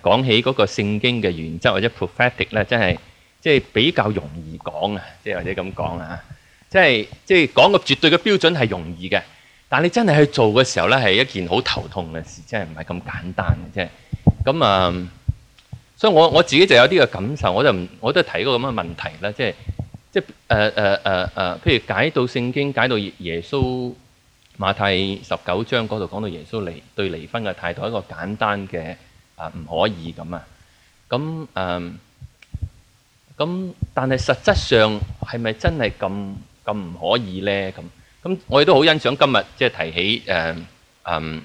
講起嗰個聖經嘅原則或者 prophetic 呢，真係即係比較容易講，就是、講啊！即係或者咁講啊！即係即係講個絕對嘅標準係容易嘅。但你真係去做嘅時候咧，係一件好頭痛嘅事，真係唔係咁簡單嘅啫。咁啊，所以我我自己就有啲個感受，我就唔，我都提過咁嘅問題啦，即係即係誒誒誒誒，譬如解到聖經，解到耶穌馬太十九章嗰度講到耶穌離對離婚嘅態度，一個簡單嘅啊唔可以咁啊。咁誒，咁但係實質上係咪真係咁咁唔可以咧？咁？咁我亦都好欣賞今日即係提起誒嗯，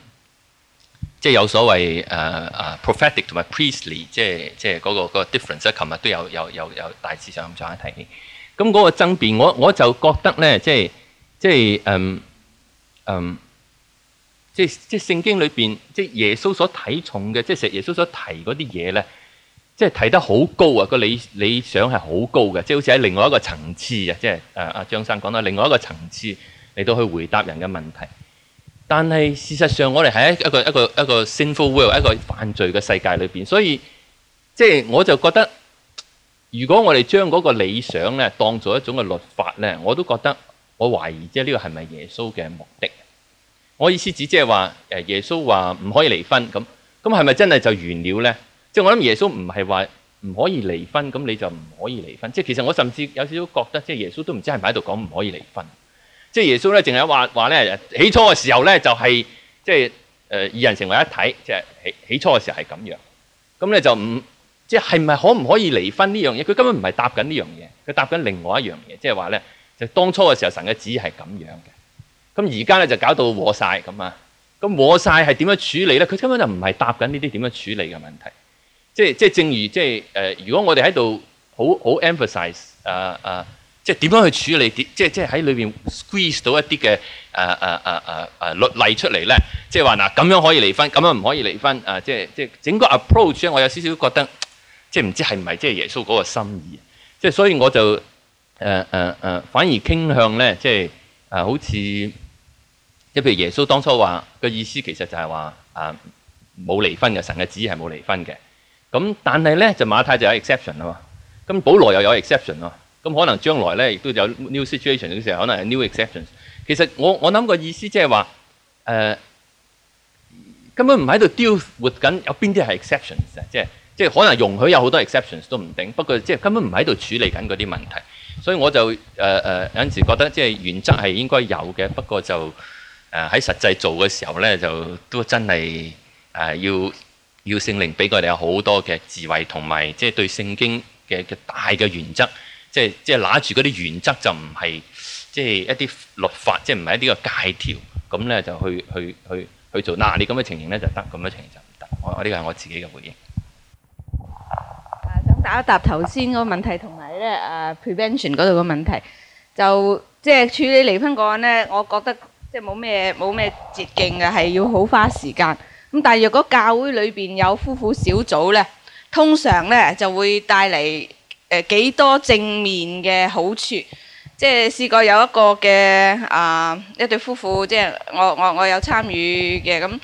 即、uh, 係、um, 有所謂誒誒、uh, uh, prophetic 同埋 priestly，即、就、係、是、即係、就、嗰、是那個那個 difference、啊。琴日都有有有有大致上咁上下提起。咁嗰個爭辯我，我我就覺得咧，即係即係嗯嗯，即係即係聖經裏邊，即、就、係、是、耶穌所睇重嘅，即係成耶穌所提嗰啲嘢咧，即、就、係、是、提得好高啊！個理理想係、就是、好高嘅，即係好似喺另外一個層次、就是、啊！即係誒阿張生講到另外一個層次。嚟到去回答人嘅問題，但係事實上我哋喺一個一個一個 sinful world，一個犯罪嘅世界裏邊，所以即係、就是、我就覺得，如果我哋將嗰個理想咧當做一種嘅律法咧，我都覺得我懷疑即係呢個係咪耶穌嘅目的？我意思指即係話誒，耶穌話唔可以離婚咁，咁係咪真係就完了咧？即係我諗耶穌唔係話唔可以離婚，咁你就唔、就是、可以離婚。即係其實我甚至有少少覺得，即係耶穌都唔知係咪喺度講唔可以離婚。即係耶穌咧，淨係話話咧，起初嘅時候咧、就是，就係即係誒二人成為一體，即、就、係、是、起起初嘅時候係咁樣嘅。咁咧就唔即係係咪可唔可以離婚呢樣嘢？佢根本唔係答緊呢樣嘢，佢答緊另外一樣嘢，即係話咧，就是說就是、當初嘅時候神嘅旨意係咁樣嘅。咁而家咧就搞到和晒咁啊！咁和晒係點樣處理咧？佢根本就唔係答緊呢啲點樣處理嘅問題。即係即係正如即係誒，如果我哋喺度好好 emphasize 啊啊！啊即係點樣去處理？即係即係喺裏邊 squeeze 到一啲嘅誒誒誒誒誒律例出嚟咧。即係話嗱，咁樣可以離婚，咁樣唔可以離婚。啊，即係即係整個 approach 咧，我有少少覺得，即係唔知係唔係即係耶穌嗰個心意。即係所以我就誒誒誒，反而傾向咧，即係啊，好似即係譬如耶穌當初話嘅意思，其實就係話啊冇離婚嘅神嘅旨意係冇離婚嘅。咁但係咧就馬太就有 exception 啊嘛。咁保羅又有，有 exception 咯。咁可能將來咧，亦都有 new situation 嘅時候，可能係 new exceptions。其實我我諗個意思即係話，誒、呃、根本唔喺度 deal with 緊，有邊啲係 exceptions？即係即係可能容許有好多 exceptions 都唔定，不過即係根本唔喺度處理緊嗰啲問題。所以我就誒誒、呃呃、有陣時覺得即係原則係應該有嘅，不過就誒喺、呃、實際做嘅時候咧，就都真係誒、呃、要要聖靈俾佢哋有好多嘅智慧同埋，即係對聖經嘅嘅大嘅原則。即係即係揦住嗰啲原則就唔係即係一啲律法，即係唔係一啲個戒條咁咧，就去去去去做嗱，你咁嘅情形咧就得，咁嘅情形就唔得。我我呢個係我自己嘅回應。啊，想答一答頭先嗰個問題，同埋咧啊，prevention 嗰度嘅問題，就即係處理離婚個案咧，我覺得即係冇咩冇咩捷徑嘅，係要好花時間。咁但係若果教會裏邊有夫婦小組咧，通常咧就會帶嚟。誒幾多正面嘅好處，即係試過有一個嘅啊，一對夫婦，即係我我我有參與嘅咁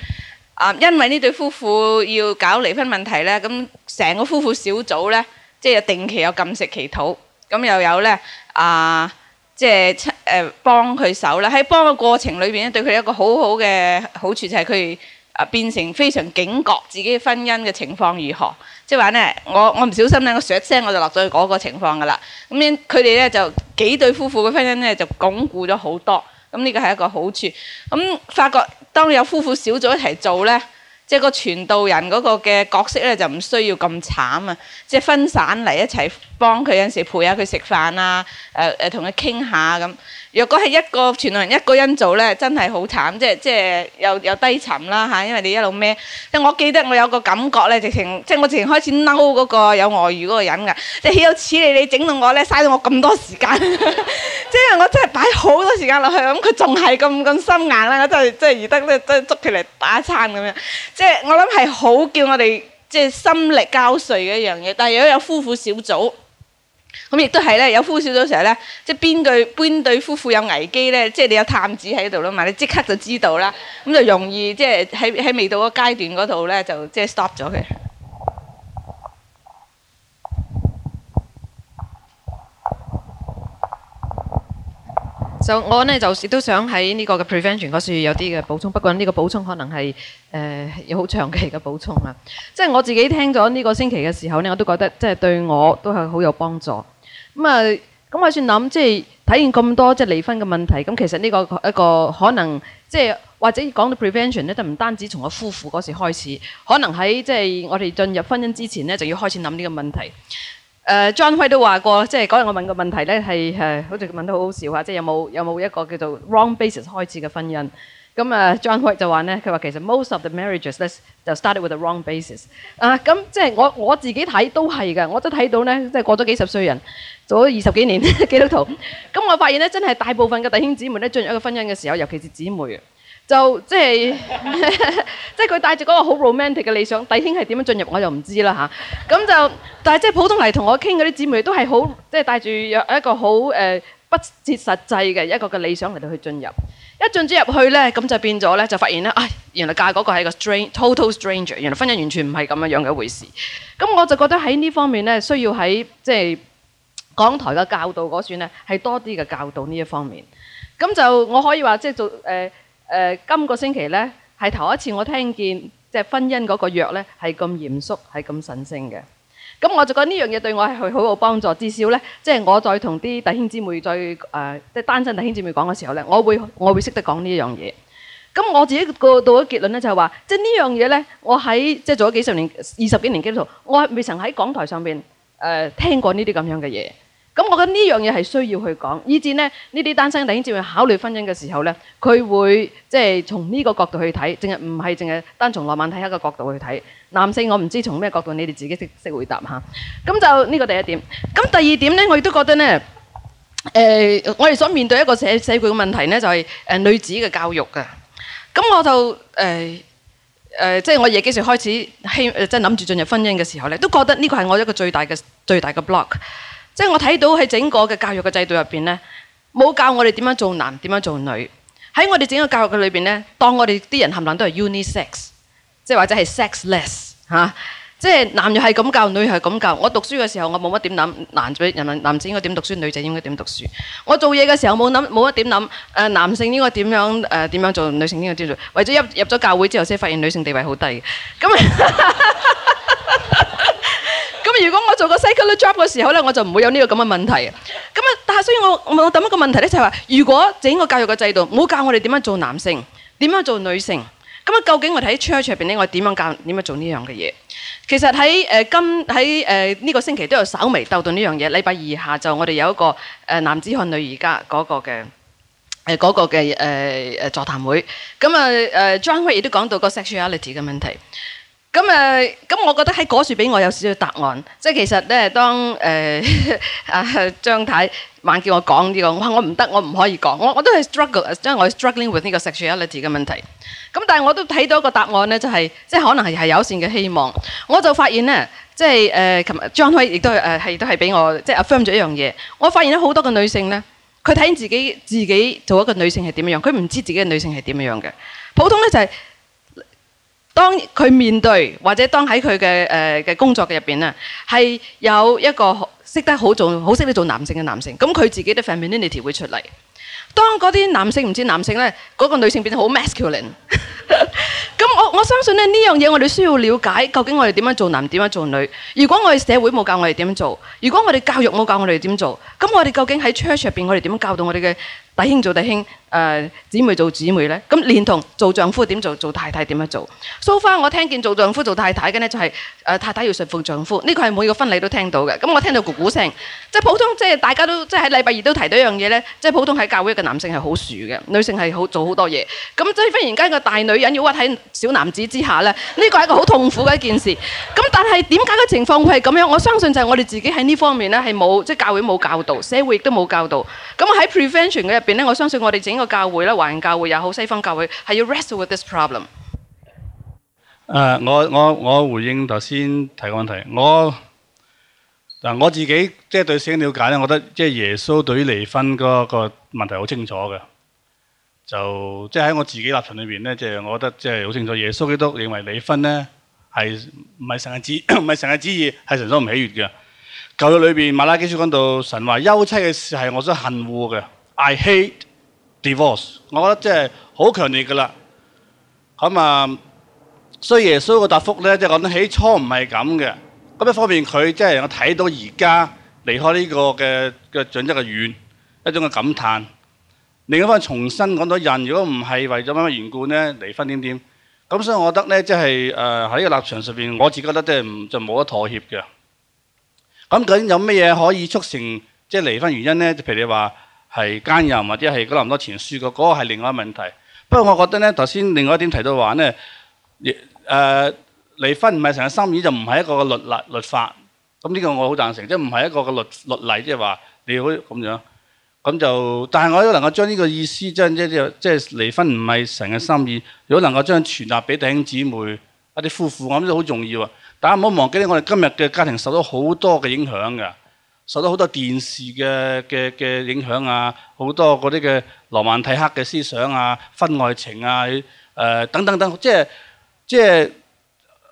啊，因為呢對夫婦要搞離婚問題咧，咁成個夫婦小組咧，即係定期有禁食祈禱，咁又有咧啊，即係誒幫佢手啦。喺幫嘅過程裏邊咧，對佢一個好好嘅好處就係佢啊變成非常警覺自己嘅婚姻嘅情況如何。即係話咧，我我唔小心咧，我唰聲我就落咗去嗰個情況㗎啦。咁樣佢哋咧就幾對夫婦嘅婚姻咧就鞏固咗好多。咁呢個係一個好處。咁發覺當有夫婦小組一齊做咧，即係個傳道人嗰個嘅角色咧就唔需要咁慘啊！即係分散嚟一齊幫佢有陣時陪下佢食飯啊，誒誒同佢傾下咁。若果係一個傳道人一個人做咧，真係好慘，即係即係又又低沉啦嚇，因為你一路孭。即我記得我有個感覺咧，直情即係我直情開始嬲嗰個有外遇嗰個人㗎。即係豈有此理，你整到我咧，嘥咗我咁多時間， 即係我真係擺好多時間落去，咁佢仲係咁咁心眼啦，我真係真係而得咧，真係捉佢嚟打餐咁樣。即係我諗係好叫我哋即係心力交瘁嘅一樣嘢，但係如果有夫婦小組。咁亦都係咧，有呼少咗成日咧，即係邊對邊對夫婦有危機咧，即係你有探子喺度咯嘛，你即刻就知道啦，咁就容易即係喺喺未到個階段嗰度咧，就即係 stop 咗佢。就、so, 我呢，就都想喺呢個嘅 prevention 嗰處有啲嘅補充，不過呢個補充可能係誒、呃、有好長期嘅補充啊！即、就、係、是、我自己聽咗呢個星期嘅時候呢，我都覺得即係、就是、對我都係好有幫助。咁啊，咁我算諗，即係睇完咁多即係離婚嘅問題，咁其實呢、這個一個可能即係、就是、或者講到 prevention 咧，就唔單止從我夫婦嗰時開始，可能喺即係我哋進入婚姻之前呢，就要開始諗呢個問題。誒莊輝都話過，即係嗰日我問個問題咧，係誒，好似問得好好笑下，即、就、係、是、有冇有冇一個叫做 wrong basis 開始嘅婚姻？咁啊，莊、uh, 輝就話咧，佢話其實 most of the marriages 咧就 started with the wrong basis、uh,。啊、就是，咁即係我我自己睇都係嘅，我都睇到咧，即、就、係、是、過咗幾十歲人做咗二十幾年 基督徒，咁我發現咧，真係大部分嘅弟兄姊妹咧進入一個婚姻嘅時候，尤其是姊妹。就即係，即係佢帶住嗰個好 romantic 嘅理想。弟兄係點樣進入，我就唔知啦吓，咁、啊、就，但係即係普通嚟同我傾嗰啲姊妹都係好，即係帶住一個好誒、呃、不切實際嘅一個嘅理想嚟到去進入。一進咗入去呢，咁就變咗呢，就發現呢，唉、哎，原來嫁嗰個係個 strange, total stranger。原來婚姻完全唔係咁樣樣嘅一回事。咁我就覺得喺呢方面呢，需要喺即係港台嘅教導嗰算呢，係多啲嘅教導呢一方面。咁就我可以話即係做誒。呃誒今、呃這個星期呢，係頭一次我聽見即係、就是、婚姻嗰個約呢係咁嚴肅，係咁神聖嘅。咁我就覺得呢樣嘢對我係好有幫助。至少呢，即、就、係、是、我再同啲弟兄姊妹再誒即係單身弟兄姊妹講嘅時候呢，我會我會識得講呢一樣嘢。咁我自己個到咗結論呢，就係、是、話，即係呢樣嘢呢，我喺即係做咗幾十年、二十幾年基督徒，我未曾喺講台上面誒、呃、聽過呢啲咁樣嘅嘢。咁我覺得呢樣嘢係需要去講，以至咧呢啲單身女先至會考慮婚姻嘅時候呢，佢會即係從呢個角度去睇，淨係唔係淨係單從浪漫睇一個角度去睇。男性我唔知從咩角度，你哋自己識識回答吓。咁就呢、這個第一點。咁第二點呢，我亦都覺得呢，誒、呃，我哋所面對一個社社會嘅問題呢，就係、是、誒女子嘅教育嘅。咁我就誒誒，即、呃、係、呃就是、我夜幾時開始希即係諗住進入婚姻嘅時候呢，都覺得呢個係我一個最大嘅最大嘅 block。即係我睇到喺整個嘅教育嘅制度入邊呢，冇教我哋點樣做男，點樣做女。喺我哋整個教育嘅裏邊呢，當我哋啲人冚唪唥都係 unisex，即係或者係 sexless 嚇、啊，即係男又係咁教，女又係咁教。我讀書嘅時候，我冇乜點諗男仔、男人男男子應該點讀書，女仔應該點讀書。我做嘢嘅時候冇諗，冇乜點諗，誒、呃，男性應該點樣誒點樣做，女性應該點做。為咗入入咗教會之後，先發現女性地位好低。咁。 如果我做個 psychological job 嘅時候咧，我就唔會有呢個咁嘅問題。咁啊，但係所以我，我我我諗一個問題咧，就係、是、話，如果整個教育嘅制度冇教我哋點樣做男性，點樣做女性，咁啊，究竟我哋喺 church 入邊咧，我點樣教點樣做呢樣嘅嘢？其實喺誒今喺誒呢個星期都有稍微鬥到呢樣嘢。禮拜二下晝我哋有一個誒、呃、男子漢女而家嗰個嘅誒嗰個嘅誒誒座談會。咁啊誒，John 亦都講到個 sexuality 嘅問題。咁誒，咁、嗯嗯、我覺得喺嗰處俾我有少少答案，即係其實咧，當誒啊、呃、張太猛叫我講呢、這個，我話我唔得，我唔可以講，我我都係 struggle，即我 struggling with 呢個 sexuality 嘅問題。咁、嗯、但係我都睇到一個答案咧，就係、是、即係可能係係有一線嘅希望。我就發現咧，即係誒，琴日張輝亦都誒係都係俾我即係、就、c、是、affirm 咗一樣嘢。我發現咗好多個女性咧，佢睇自己自己做一個女性係點樣，佢唔知自己嘅女性係點樣嘅。普通咧就係、是。當佢面對或者當喺佢嘅誒嘅工作嘅入邊咧，係有一個識得好做，好識得做男性嘅男性。咁佢自己的 femininity 會出嚟。當嗰啲男性唔知男性咧，嗰個女性變得好 masculine。咁我我相信咧呢樣嘢，我哋需要了解究竟我哋點樣做男，點樣做女。如果我哋社會冇教我哋點樣做，如果我哋教育冇教我哋點做，咁我哋究竟喺 church 入邊，我哋點樣教導我哋嘅？弟兄做弟兄，誒、呃、姊妹做姊妹咧，咁連同做丈夫點做，做太太點樣做？So far，我聽見做丈夫做太太嘅呢、就是，就係誒太太要順服丈夫，呢、這個係每個婚禮都聽到嘅。咁我聽到咕咕聲，即係普通，即係大家都即係喺禮拜二都提到一樣嘢呢，即係普通喺教會嘅男性係好樹嘅，女性係好做好多嘢。咁即係忽然間個大女人要屈喺小男子之下呢，呢、這個係一個好痛苦嘅一件事。咁但係點解個情況會係咁樣？我相信就係我哋自己喺呢方面呢，係冇，即係教會冇教導，社會亦都冇教導。咁喺 prevention 嘅。我相信我哋整個教會咧，華人教會也好，西方教會係要 wrestle with this problem。誒、uh，我我我回應頭先提個問題。我嗱我自己即係、就是、對聖經瞭解咧，我覺得即係、就是、耶穌對於離婚個、那個問題好清楚嘅。就即係喺我自己立場裏邊咧，即、就、係、是、我覺得即係好清楚。耶穌基督認為離婚咧係唔係神嘅旨唔係神嘅旨意，係神所唔喜悅嘅。舊約裏邊馬拉基書講到神話休妻嘅事係我所恨惡嘅。I hate divorce，我覺得即係好強烈噶啦。咁、嗯、啊，所以耶穌嘅答覆咧，即係講起初唔係咁嘅。咁一方面佢即係我睇到而家離開呢個嘅嘅準則嘅遠，一種嘅感嘆。另一方重新講到人，如果唔係為咗乜乜緣故咧離婚點點。咁、嗯、所以我覺得咧，即係誒喺呢個立場上邊，我自己覺得即係唔就冇得妥協嘅。咁、嗯、究竟有咩嘢可以促成即係離婚原因咧？譬如你話。係奸淫或者係嗰咁多傳輸嘅，嗰、嗰個係另外一個問題。不過我覺得咧，頭先另外一點提到話咧，亦、呃、誒離婚唔係成日心意就唔係一個律律法。咁呢個我好贊成，即係唔係一個個律律例，即係話你好咁樣。咁就，但係我都能夠將呢個意思，即即係即係離婚唔係成日心意。如果能夠將傳達俾弟兄姊妹一啲夫婦，我諗都好重要啊！但係唔好忘記咧，我哋今日嘅家庭受到好多嘅影響㗎。受到好多電視嘅嘅嘅影響啊，好多嗰啲嘅羅曼蒂克嘅思想啊，婚外情啊，誒、呃、等等等，即係即係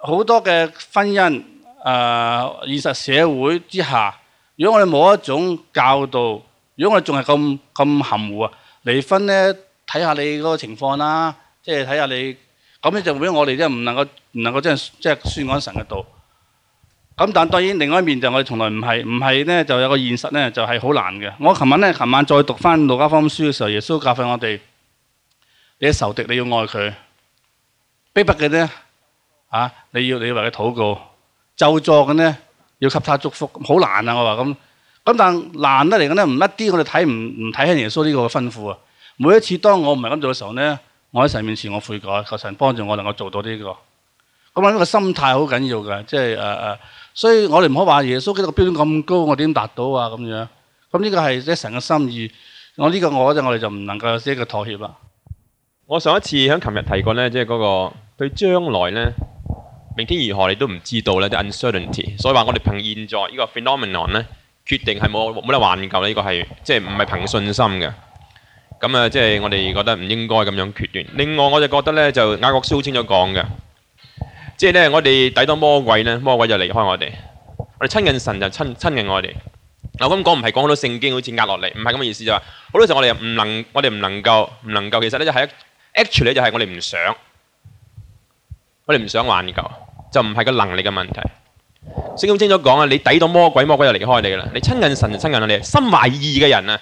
好多嘅婚姻啊、呃，現實社會之下，如果我哋冇一種教導，如果我哋仲係咁咁含糊啊，離婚咧，睇下你嗰個情況啦，即係睇下你，咁咧就俾我哋咧唔能夠唔能夠即係真係宣講神嘅道。咁但當然另外一面就我哋從來唔係唔係咧就有個現實咧就係好難嘅。我琴晚咧，琴晚再讀翻《路加福音》書嘅時候，耶穌教訓我哋，你的仇敵你要愛佢，逼迫嘅咧，啊你要你要為佢禱告，咒詛嘅咧要給他祝福。好難啊！我話咁。咁但難得嚟嘅咧，唔一啲我哋睇唔唔睇起耶穌呢個吩咐啊！每一次當我唔係咁做嘅時候咧，我喺神面前我悔改，求神幫助我能夠做到呢個。咁啊，呢個心態好緊要嘅，即係誒誒。呃所以我哋唔好話耶穌嘅個標準咁高，我點達到啊咁樣？咁呢個係神嘅心意，我呢個我就我哋就唔能夠有一個妥協啦。我上一次響琴日提過咧，即係嗰個對將來咧，明天如何你都唔知道咧，啲 uncertainty。所以話我哋憑現在依個 phenomenon 咧，決定係冇冇得挽救咧，依個係即係唔係憑信心嘅。咁啊，即係我哋覺得唔應該咁樣決斷。另外我就覺得咧，就雅各書好清楚講嘅。即係咧，我哋抵到魔鬼咧，魔鬼就離開我哋；我哋親近神就親親近我哋。啊，咁講唔係講好多聖經好似壓落嚟，唔係咁嘅意思就話，好多時候我哋唔能，我哋唔能夠，唔能夠，其實咧就係 actually 就係我哋唔想，我哋唔想挽救，就唔係個能力嘅問題。聖經好清楚講啊，你抵到魔鬼，魔鬼就離開你噶啦。你親近神就親近你。心懷二意嘅人啊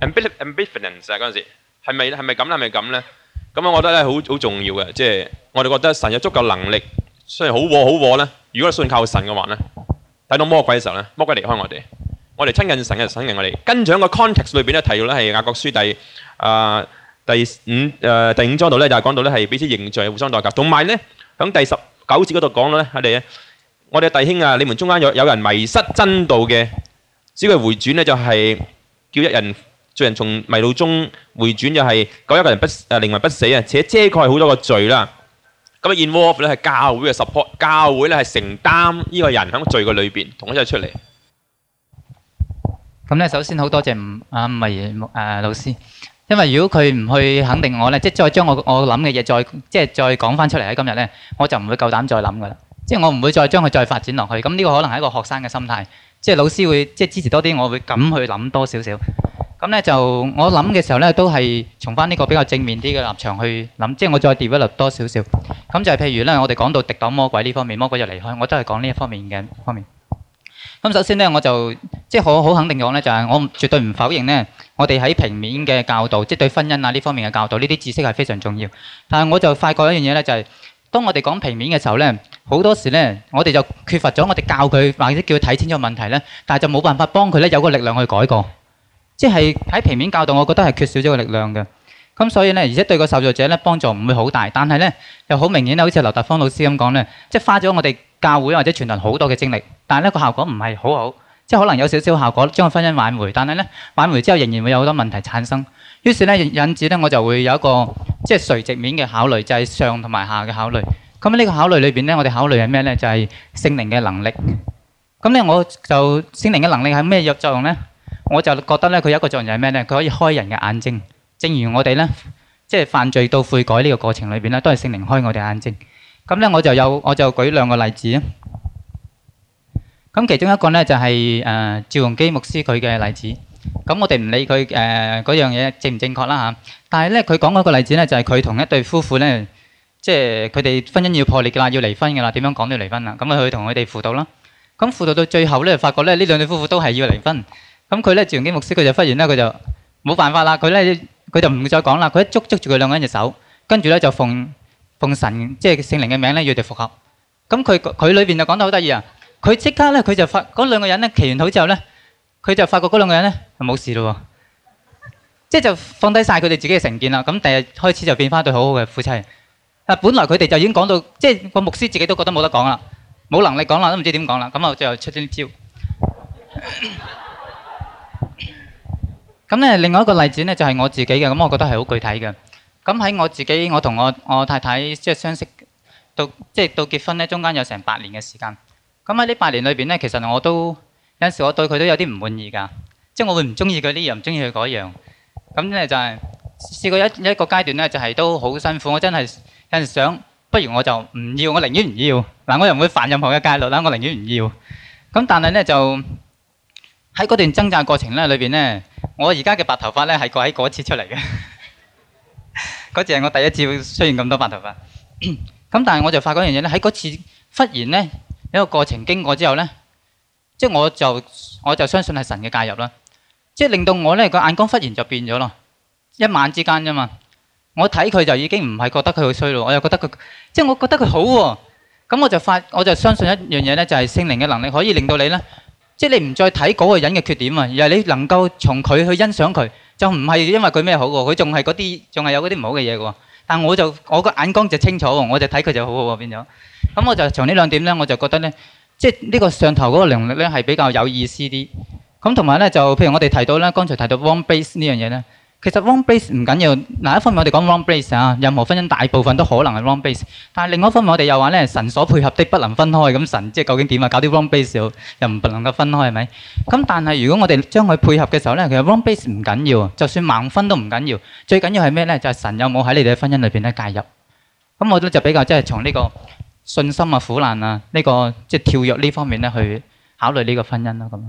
，ambivalent，ambivalent 嗰陣時係咪係咪咁咧？係咪咁咧？咁樣我覺得咧好好重要嘅，即係我哋覺得神有足夠能力，雖然好禍好禍咧，如果信靠神嘅話咧，睇到魔鬼嘅時候咧，魔鬼離開我哋，我哋親近神嘅時候親近我哋。跟住喺個 context 裏邊咧，提到咧係雅各書第啊第五誒第五章度咧，就係講到咧係彼此認罪、互相代求，同埋咧喺第十九節嗰度講咧，我哋啊，我哋弟兄啊，你們中間有有人迷失真道嘅，只嘅回轉咧就係叫一人。罪人從迷路中回轉，又係救一個人不、啊靈魂不死啊，且遮蓋好多個罪啦。咁啊，in word 咧係教會嘅 support，教會咧係承擔呢個人喺個罪嘅裏邊同佢一出嚟。咁咧，首先好多謝啊米誒老師，因為如果佢唔去肯定我咧，即係再將我我諗嘅嘢再即係再講翻出嚟喺今日咧，我就唔會夠膽再諗㗎喇，即係我唔會再將佢再發展落去。咁呢個可能係一個學生嘅心態，即係老師會即係支持多啲，我會噉去諗多少少。咁咧就我諗嘅時候咧，都係從翻呢個比較正面啲嘅立場去諗，即係我再 develop 多少少。咁就係譬如咧，我哋講到抵擋魔鬼呢方面，魔鬼就離開。我都係講呢一方面嘅方面。咁首先咧，我就即係好好肯定講咧，就係我絕對唔否認咧，我哋喺平面嘅教導，即係對婚姻啊呢方面嘅教導，呢啲知識係非常重要。但係我就發覺一樣嘢咧，就係當我哋講平面嘅時候咧，好多時咧，我哋就缺乏咗我哋教佢或者叫佢睇清楚問題咧，但係就冇辦法幫佢咧有個力量去改過。即係喺平面教導，我覺得係缺少咗個力量嘅。咁所以咧，而且對個受助者咧，幫助唔會好大。但係咧又好明顯啊，好似劉達芳老師咁講咧，即係花咗我哋教會或者傳道好多嘅精力，但係咧個效果唔係好好。即係可能有少少效果將個婚姻挽回，但係咧挽回之後仍然會有好多問題產生。於是咧引致咧我就會有一個即係垂直面嘅考慮，就係上同埋下嘅考慮。咁呢個考慮裏邊咧，我哋考慮係咩咧？就係聖靈嘅能力。咁咧我就聖靈嘅能力係咩藥作用咧？我就覺得咧，佢有一個作用係咩咧？佢可以開人嘅眼睛，正如我哋咧，即係犯罪到悔改呢個過程裏邊咧，都係聖靈開我哋眼睛。咁咧，我就有我就舉兩個例子啊。咁其中一個咧就係誒趙容基牧師佢嘅例子。咁我哋唔理佢誒嗰樣嘢正唔正確啦嚇，但係咧佢講嗰個例子咧，就係佢同一對夫婦咧，即係佢哋婚姻要破裂嘅啦，要離婚嘅啦，點樣講都要離婚啦。咁佢同佢哋輔導啦，咁輔導到最後咧，發覺咧呢兩對夫婦都係要離婚。咁佢咧，做完啲牧師，佢就忽然咧，佢就冇辦法啦。佢咧，佢就唔再講啦。佢一捉捉住佢兩個人隻手，跟住咧就奉奉神，即係聖靈嘅名咧，與佢哋復合。咁佢佢裏邊就講得好得意啊！佢即刻咧，佢就發嗰兩個人咧，祈完禱之後咧，佢就發覺嗰兩個人咧係冇事咯喎，即係就放低曬佢哋自己嘅成見啦。咁第日開始就變翻對好好嘅夫妻。啊，本來佢哋就已經講到，即係個牧師自己都覺得冇得講啦，冇能力講啦，都唔知點講啦。咁啊，最後出咗啲招。咁咧，另外一個例子咧就係我自己嘅，咁我覺得係好具體嘅。咁喺我自己，我同我我太太即係相識到，即係到結婚咧，中間有成八年嘅時間。咁喺呢八年裏邊咧，其實我都有陣時我對佢都有啲唔滿意㗎，即係我會唔中意佢呢樣，唔中意佢嗰樣。咁咧就係試過一一個階段咧，就係都好辛苦。我真係有陣時想，不如我就唔要，我寧願唔要。嗱，我又唔會犯任何嘅戒律啦，我寧願唔要。咁但係咧就。喺嗰段掙扎過程咧裏邊咧，我而家嘅白頭髮咧係過喺嗰一次出嚟嘅，嗰次係我第一次會出現咁多白頭髮。咁但係我就發覺嗰樣嘢咧，喺嗰次忽然咧一個過程經過之後咧，即係我就我就相信係神嘅介入啦，即係令到我咧個眼光忽然就變咗咯，一晚之間啫嘛。我睇佢就已經唔係覺得佢好衰咯，我又覺得佢，即係我覺得佢好喎。咁我就發我就相信一樣嘢咧，就係聖靈嘅能力可以令到你咧。即係你唔再睇嗰個人嘅缺點啊，而係你能夠從佢去欣賞佢，就唔係因為佢咩好噶，佢仲係嗰啲仲係有嗰啲唔好嘅嘢噶。但我就我個眼光就清楚，我就睇佢就好好變咗。咁我就從呢兩點咧，我就覺得咧，即係呢個上頭嗰個能力咧係比較有意思啲。咁同埋咧就譬如我哋提到咧，剛才提到 one base 這件事呢樣嘢咧。其實 wrong base 唔緊要。嗱一方面我哋講 wrong base 啊，任何婚姻大部分都可能係 wrong base。但另外一方面我哋又話咧，神所配合的不能分開。咁神即係究竟點啊？搞啲 wrong base 又唔能夠分開係咪？咁但係如果我哋將佢配合嘅時候咧，其實 wrong base 唔緊要，就算盲婚都唔緊要。最緊要係咩咧？就係、是、神有冇喺你哋嘅婚姻裏邊咧介入。咁我都就比較即係從呢個信心啊、苦難啊、呢、這個即係、就是、跳躍呢方面咧去考慮呢個婚姻啦咁。